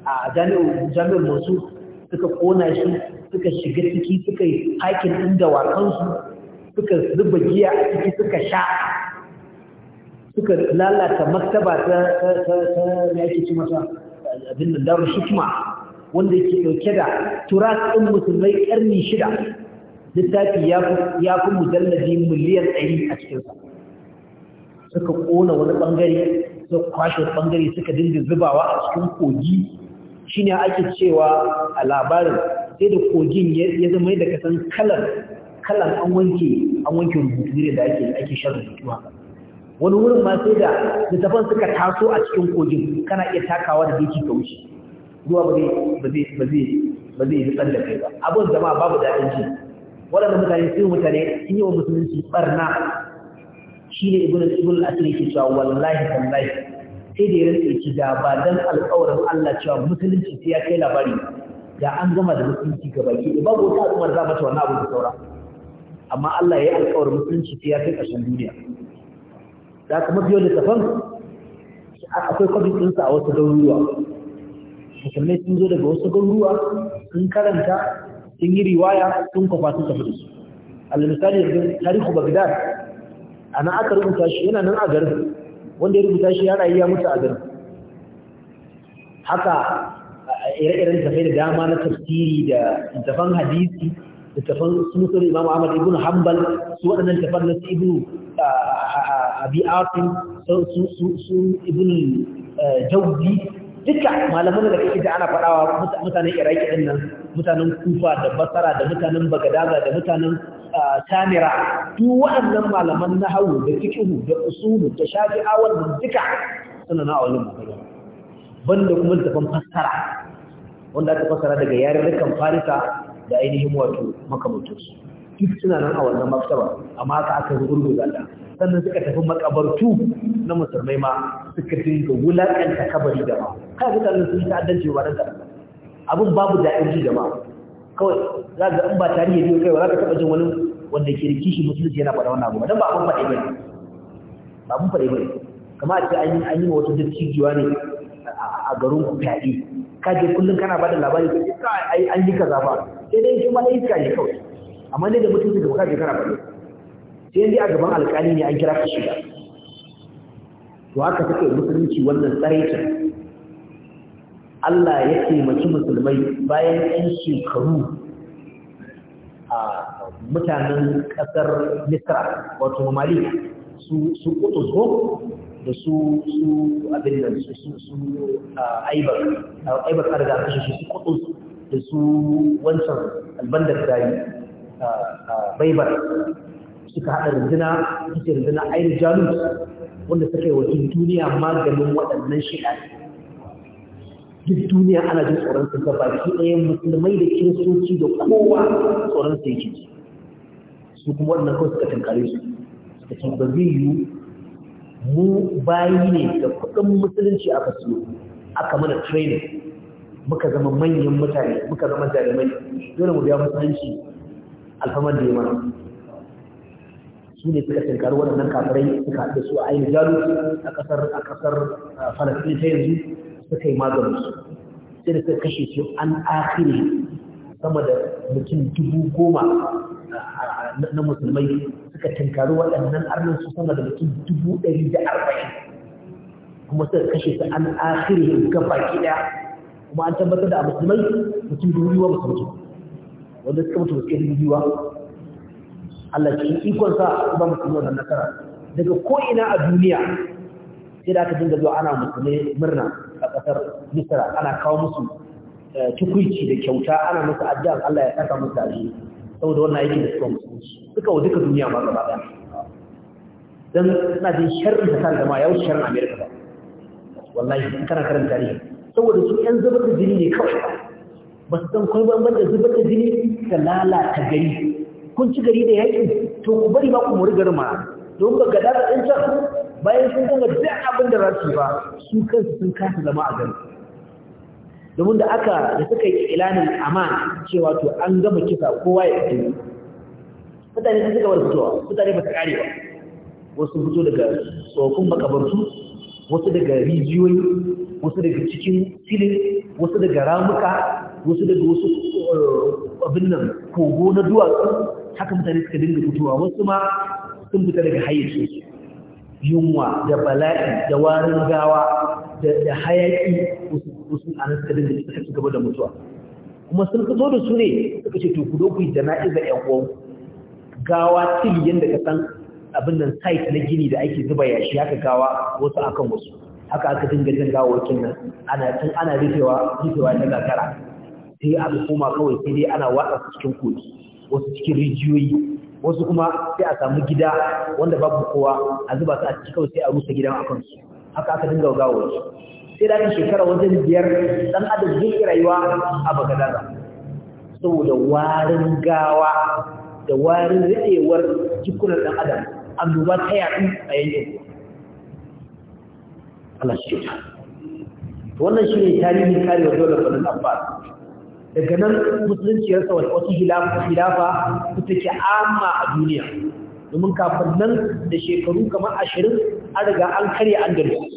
a jami'ar jami'ar Mosul suka kona shi suka shiga ciki suka yi hakin inda wakansu. su suka zuba giya a ciki suka sha suka lalata maktaba ta na yake ci mata abin da daru shikma wanda ke dauke da turas ɗin musulmai ƙarni shida littafi ya fi mujallabi miliyan ɗari a cikin suka ƙona wani ɓangare suka kwashe wani ɓangare suka dinga zubawa a cikin kogi shine ake cewa a labarin sai da kogin ya zama yadda kasan kalar kalan an wanke an wanke rubutu ne da ake ake shan rubutu haka wani wurin ma sai da littafan suka taso a cikin kogin kana iya takawa da doki ka wuce ruwa ba zai ba zai ba zai ba zai yi da kai ba abin zama babu daɗin ji waɗanda mutane sun mutane sun yi wa musulunci barna shi ne ibn ibn asiri ke cewa wallahi wallahi sai da ya rantsa ci da ba dan alƙawarin Allah cewa musulunci sai ya kai labari da an gama da musulunci gaba ki babu wata al'ummar za mata wannan abu da saura amma Allah ya yi alƙawarin mutunci sai ya fi ƙarshen duniya da kuma biyo littafan akwai kwafi ɗinsa a wasu garuruwa musulmai sun zo daga wasu garuruwa sun karanta sun yi riwaya sun kwafa sun tafi da su alal misali yanzu tarihu bagdad ana aka rubuta shi yana nan a garin wanda ya rubuta shi ya rayu mutu a garin haka ire-iren tafai da dama na tafsiri da tafan hadisi littafan sunan imam ahmad ibn hanbal su waɗannan littafan ibn abi su ibn jawzi duka malaman da kake da ana faɗawa mutanen iraki din nan mutanen kufa da basara da mutanen bagadaza da mutanen tamira duk waɗannan malaman na hawo da fiqhu da usulu da shafi'a nan duka suna na awalin magana banda kuma littafan fassara wanda ta fassara daga yarurrukan farisa da ainihin wato makamantarsu duk suna nan a wannan maktaba amma aka aka gurgu Allah sannan suka tafi makabartu na musulmai ma suka dinga wulakanta kabari da ma kai Allah sun ta'addanci ba dan karatu abin babu da jama'a kawai za ga in ba tarihi biyu kai ba za ka taɓa jin wani wanda ke riki shi musulunci yana faɗa wannan abu ba dan ba abun faɗe bane ba abin faɗe ba kama a ce an yi an yi wata dattijuwa ne a garin ku fyaɗe ka je kullum kana ba da labari ka ce an yi kaza ba sai dai shi ma ne kawai amma dai da mutunci da bukatu kana bane sai dai a gaban alƙali ne an kira ka shiga to haka take musulunci wannan tsaraicin Allah ya taimaki musulmai bayan yan shekaru a mutanen ƙasar Misra wato Mali su su da su su abin nan su su aibar aibar karga su su da su wancan albandar a baibar suka haɗa rindina suke rundunar ainihin janus wanda suka yi wa duniya maganin waɗannan shida duk duniya ana jin tsoron su ga baki ɗaya musulmai da kiristoci da kowa tsoron su yake ji su kuma waɗannan kawai suka tankare su suka ce ba zai yiwu mu bayi ne da kuɗin musulunci aka siyo aka mana training muka zama manyan mutane muka zama jarumai dole mu biya musulunci alfaman da ya mana su ne suka tinkari waɗannan kafirai suka haɗu su a ainihin jalu a ƙasar a ƙasar falastin ta yanzu suka yi maganin su sai da suka kashe su an akiri sama da mutum dubu goma na musulmai suka tinkari waɗannan arnan su sama da mutum dubu ɗari da arba'in kuma suka kashe su an akiri gaba ki ɗaya kuma an tabbatar da a musulmai mutum dubu biyu ba wanda suka mutu suke dubu biyu Allah ke ikon sa ba musulmai wannan nasara daga ko ina a duniya sai da aka dinga zuwa ana musulmai murna a ƙasar misra ana kawo musu eh, tukuici da kyauta ana musu addu'a Allah ya saka musu alheri saboda wannan yake da suka musulunci suka wa duka duniya ma gaba ɗaya dan ina jin sharri da kan da ma ya wuce sharrin Amerika ba wallahi kana karanta tarihi saboda su ‘yan zubar da jini ne kawai ba su san kwai banban da zubar da jini da lalata gari kun ci gari da yaƙi to ku bari ba ku muri garin ma don ba ga dada dan can bayan sun ganga duk abin da rasu ba su kansu sun kasa zama a gari domin da aka da suka yi ilanin amma cewa to an gama kisa kowa ya fito mutane sun suka bar fitowa mutane ba su kare ba wasu fito daga tsofaffin makabartu wasu daga rijiyoyi wasu daga cikin filin wasu daga ramuka wasu daga wasu eh, abin nan kogo na duwatsu haka mutane suka dinga fitowa wasu ma sun fita daga hayyace yunwa da bala'i da warin gawa da hayaki wasu ana suka dinga suka ci gaba da mutuwa kuma sun fito da su ne suka ce to ku zo ku yi jana'iza ƴan uwan gawa tiliyan da ka san abin nan site na gini da ake zuba yashi haka gawa wasu akan wasu haka aka dinga jin gawawakin nan ana tun ana rufewa rufewa ta gagara sai aka koma kawai sai dai ana watsa su cikin kogi wasu cikin rijiyoyi wasu kuma sai a samu gida wanda babu kowa a zuba su a ciki kawai sai a rusa gidan akan su haka aka dinga gawawaki sai da shekara wajen biyar dan adam zai rayuwa a bagadaza saboda warin gawa da warin riɗewar jikunan ɗan adam annoba ta yaɗu a yankin Allah shi ta wannan shi ne tarihin karewar dole banin abbas daga nan musulunci ya rasa wasu hilafa su take amma a duniya domin kafin nan da shekaru kamar ashirin an riga an karya andalus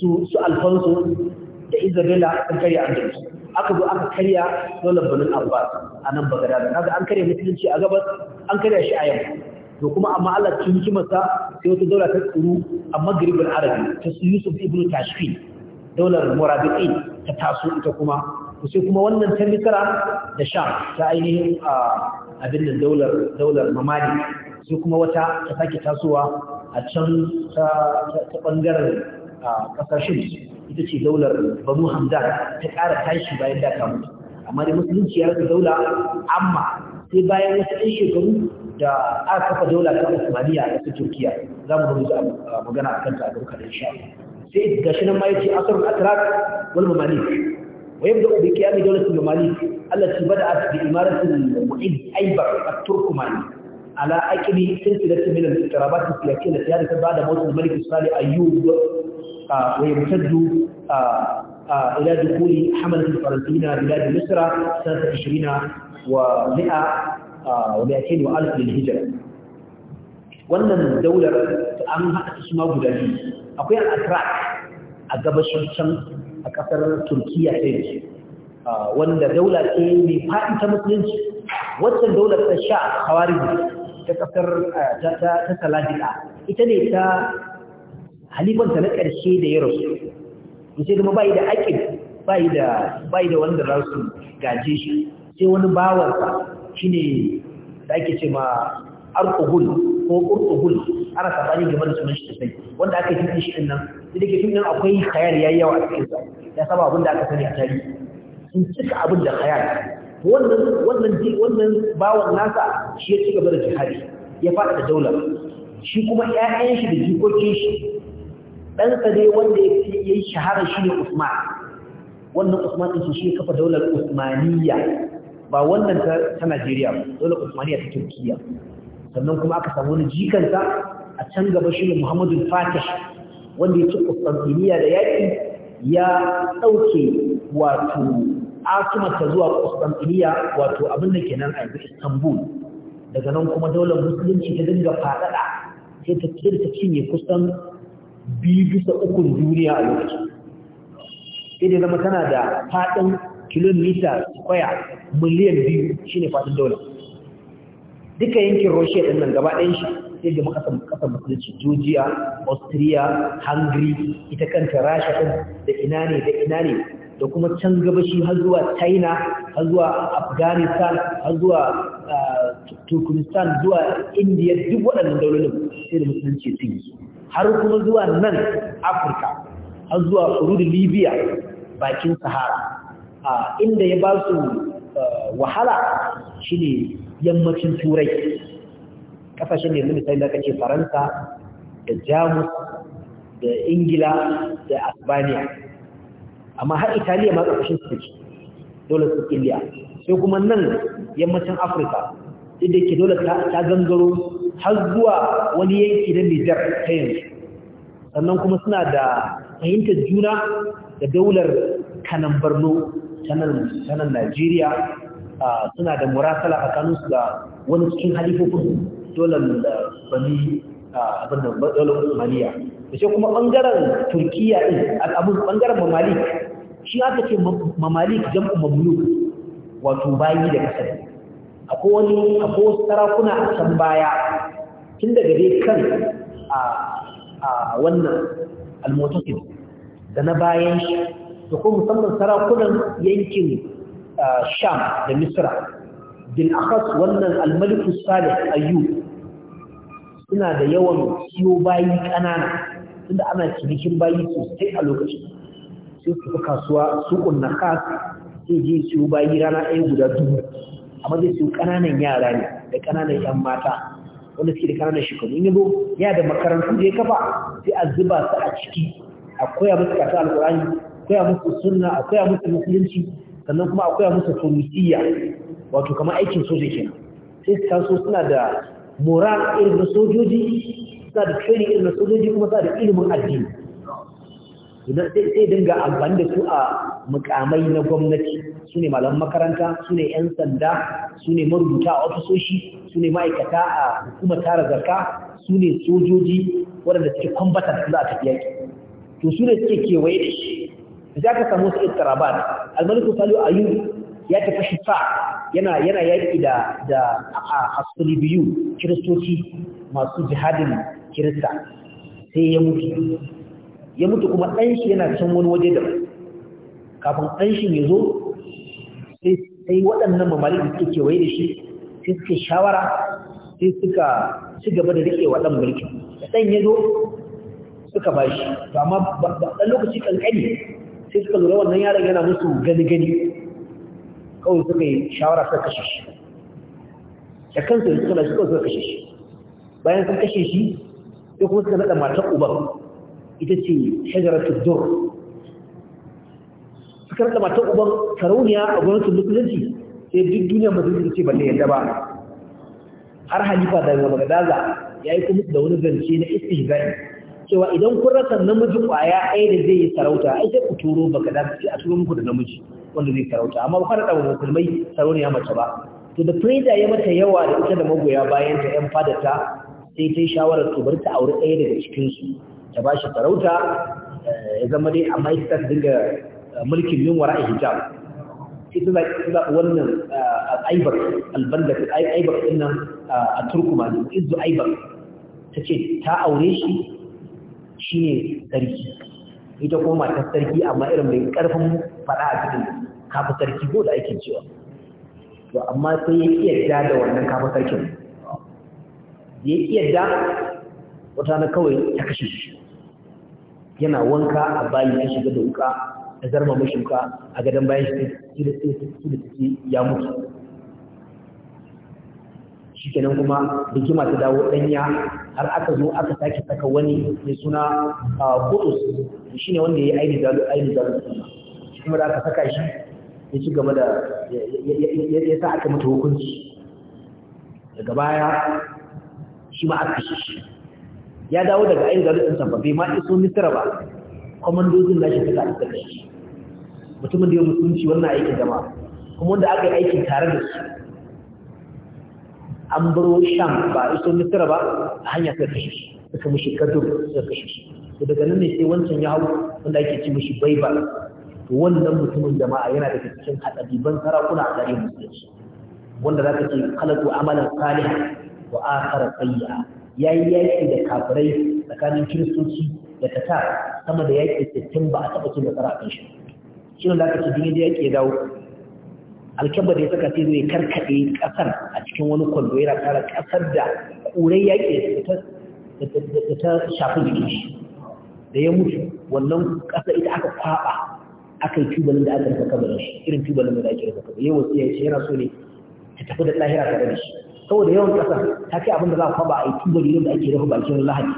su su alfonso da isabella an karya andalus aka zo aka karya dole banin abbas a nan bagada kaga an karya musulunci a gabas an karya shi a yamma to kuma amma Allah cikin hikimarsa sai wata daula ta tsuru a magribin arabi ta su yusuf ibn tashfin daular murabitin ta taso ita kuma sai kuma wannan ta misra da sham ta ainihin abin da daular daular mamali sai kuma wata ta sake tasowa a can ta bangaren kasashen ita ce daular banu hamdan ta ƙara tashi bayan da ta mutu amma da musulunci ya rasa daula amma sai bayan wasu ɗan shekaru da aka kafa daula ta Usmaniya a ƙasar Turkiya za mu zo ah, magana a kanta a gaba da insha sai gashi nan ma yace asrul atrak wal mamalik wa yabda bi qiyam dawlat al mamalik allati bada'at bi imarat al mu'id aybar al turkmani ala aqli silsilati min al iqtirabat al siyasiyya allati hadathat ba'da mawt al malik salih ayyub ah, wa yamtaddu إلى دخول حملة الفرنسيين بلاد مصر سنة 20 و 100 wanda ya ce ne wa wannan daular an haɗa su ma guda biyu akwai atrak a gabashin can a kasar turkiya sai da wanda daula ce mai faɗi ta musulunci waccan daular ta sha hawari ta kasar ta saladika ita ne ta halifanta na ƙarshe da ya rasu sai kuma bayi da aƙin bayi da wanda rasu gaje shi sai wani bawansa ne da ake ce ma arqubul ko qurtubul ana sabani game da sunan shi sosai wanda aka yi shi ɗin nan da ke tunan akwai khayal yayi yawa a cikin sa ya saba abin da aka sani a tarihi in cika abin da khayal wannan wannan wannan bawon nasa shi ya ci gaba da jihadi ya fada da daular. shi kuma ƴaƴan shi da jikokin shi ɗansa dai wanda ya yi shahara shi ne Usman wannan Usman ɗin shi ya kafa daular Usmaniyya ba wannan ta Najeriya ba dole Usmaniya ta Turkiya sannan kuma aka samu wani jikanta a can gaba shi ne Muhammadu Fatih wanda ya ci Constantinople da yaƙi ya ɗauke wato Asumata zuwa Constantinople wato abin da kenan a yanzu Istanbul daga nan kuma daular musulunci ta dinga faɗaɗa sai ta ta cinye kusan biyu bisa ukun duniya a lokaci. sai zama tana da faɗin kilomita kwaya miliyan biyu shine faɗin dole duka yankin roshe ɗin nan gaba ɗin shi sai da makasar kasar musulunci georgia austria hungary ita kanta rasha ɗin da ina ne da ina ne da kuma can gabashi har zuwa china har zuwa afghanistan har zuwa turkmenistan zuwa india duk waɗannan daularin sai da musulunci sun yi har kuma zuwa nan afirka har zuwa da libya bakin sahara inda ya ba su wahala shine yammacin turai Ƙasashen yanzu misali da kake faransa da jamus da ingila da albania amma har italiya ma ƙarƙashin su ke, dole su kiliya sai kuma nan yammacin afirka inda yake dole ta gangaro har zuwa wani yanki na nijar ta yanzu sannan kuma suna da fahimtar juna da daular kanan barno sanar Najeriya suna da murasala a kanunsu da wani cikin halifofin da bani abin da Usmaniya. Da ce kuma ɓangaren Turkiyya ɗin al'amun ɓangaren Mamalik, shi aka ce Mamalik jam'u mamluk wato bayi da kasar. Akwai wani akwai sarakuna a can baya tun daga dai kan a wannan almotokin da na bayan shi da kuma musamman sarakunan yankin sham da misra bil akas wannan almaliku salih ayyu suna da yawan siyo bayi ƙanana tunda ana cinikin bayi sosai a lokacin su su kasuwa suƙun na kas sai je siyo bayi rana ɗaya guda dubu amma zai siyo ƙananan yara ne da ƙananan 'yan mata wanda suke da ƙananan shekaru in yabo ya da makarantu da ya kafa sai a zuba su a ciki a koya musu kasa alƙur'ani akwai musu sunna a musu musulunci sannan kuma a musu tunisiyya wato kamar aikin soja kenan sai su taso suna da moral irin na sojoji suna da training irin na sojoji kuma suna da ilimin addini idan sai dinga amfani da su a mukamai na gwamnati su ne malaman makaranta su ne 'yan sanda su ne marubuta a ofisoshi su ne ma'aikata a hukumar tara zarka su ne sojoji waɗanda suke kwambata su za a tafi yaƙi to su ne suke kewaye da shi za ka samu su iktirabat almaliku salu ayu ya tafi shifa yana yana yaki da da biyu kiristoci masu jihadin kirista sai ya mutu ya mutu kuma ɗan shi yana can wani waje da kafin ɗan shi ya zo sai waɗannan mamalikin suke kewaye da shi sai suke shawara sai suka ci gaba da riƙe waɗannan ɗan mulkin ɗan ya zo suka bashi. shi amma ɗan lokaci ƙanƙani sai suka lura wannan yaron yana musu gani gani kawai suka yi shawara suka kashe shi da kansu suka lashe kawai suka kashe shi bayan sun kashe shi sai kuma suka nada matar uban ita ce shajaratu dur suka nada matar uban sarauniya a gwamnatin musulunci sai duk duniya musulunci ce balle yadda ba har halifa da magadaza ya yi kuma da wani zance na istihzai cewa idan kun rasa namiji kwaya ɗaya da zai yi sarauta ai sai ku turo baka da a turo muku da namiji wanda zai sarauta amma ba fara ɗaukar musulmai sarauniya mace ba to da pressure ya mata yawa da ita da magoya bayan ta ƴan ta sai ta yi shawarar to bari ta auri ɗaya daga cikin su ta ba shi sarauta eh, ya zama dai amma ita ta dinga eh, mulkin yin wara hijab ita za wannan eh, aibar albanda aibar ɗin nan a turkumani izu aibar ta ce ta aure shi shine sarki ita kuma matar sarki amma irin mai karfin fada a cikin kafa sarki ko da ake cewa to amma sai ya iya da wannan kafa sarkin ya da wata na kawai ta kashe shi yana wanka a bayi ta shiga da wuka da zarma mashi a gadon bayan shi da ya mutu shikenan kuma rigima ta dawo danya har aka zo aka sake saka wani mai suna kudus shi ne wanda ya yi aini zalu aini zalu kuma da aka saka shi ya ci gaba da ya sa aka mata hukunci daga baya shi ma aka shi ya dawo daga aini zalu ɗin sabba bai ma iso misira ba kwamandojin nashi shi suka aka shi mutumin da ya mutunci wannan aikin jama'a kuma wanda aka yi aikin tare da su an baro sham ba iso misira ba a hanya suka kashe shi suka mushi kadur suka kashe shi to daga nan ne sai wancan ya hau wanda ake ci mushi baiba to wannan mutumin jama'a yana da cikin ban sarakuna a garin musulunci wanda zaka ce khalaqu amalan salih wa akhara sayya yayi yaki da kafirai tsakanin kiristoci da tatar sama da yaki 60 ba a taba cin nasara a kan shi shi ne zaka ce din yaki ya dawo alkyabba da ya saka sai zai karkaɗe ƙasar a cikin wani kwando yana tara kasar da kurai yaƙi da ta shafi jikin shi da ya mutu wannan ƙasa ita aka kwaɓa aka yi tubalin da aka rufe kabarin shi irin tubalin da ake rufe kabarin yawan ya ce yana so ne ta tafi da lahira tare da shi saboda yawan ƙasar ta ce abin da za a kwaɓa a yi tubali da ake rufe bakin lahadi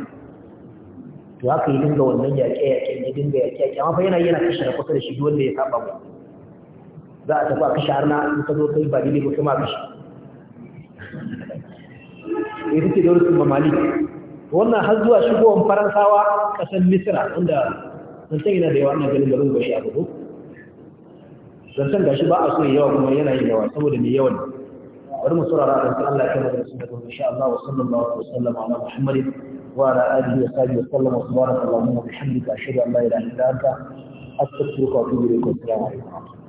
to haka yi dinga wannan yaƙe yaƙe ya dinga yaƙe-yaƙe amma fa yana yana kashe da kusa da shi duk wanda ya saba mai za a tafi a kashe harna in ka zo kai ba daidai ba kai ma kashe ya take da wurin mamali wannan har zuwa shigowar faransawa ƙasar misira wanda zancen yana da yawa ana ganin garin gashi a gudu zancen gashi ba a so yawa kuma yana yin yawa saboda mai yawan bari mu saurara a zancen Allah ya kai da sunan gashi Allah wa sallallahu wa sallam ala Muhammadin wa ala alihi wa sahbihi wa sallama wa subhanaka Allahumma wa bihamdika ashhadu an la ilaha illa anta astaghfiruka wa atubu ilayk wa assalamu alaikum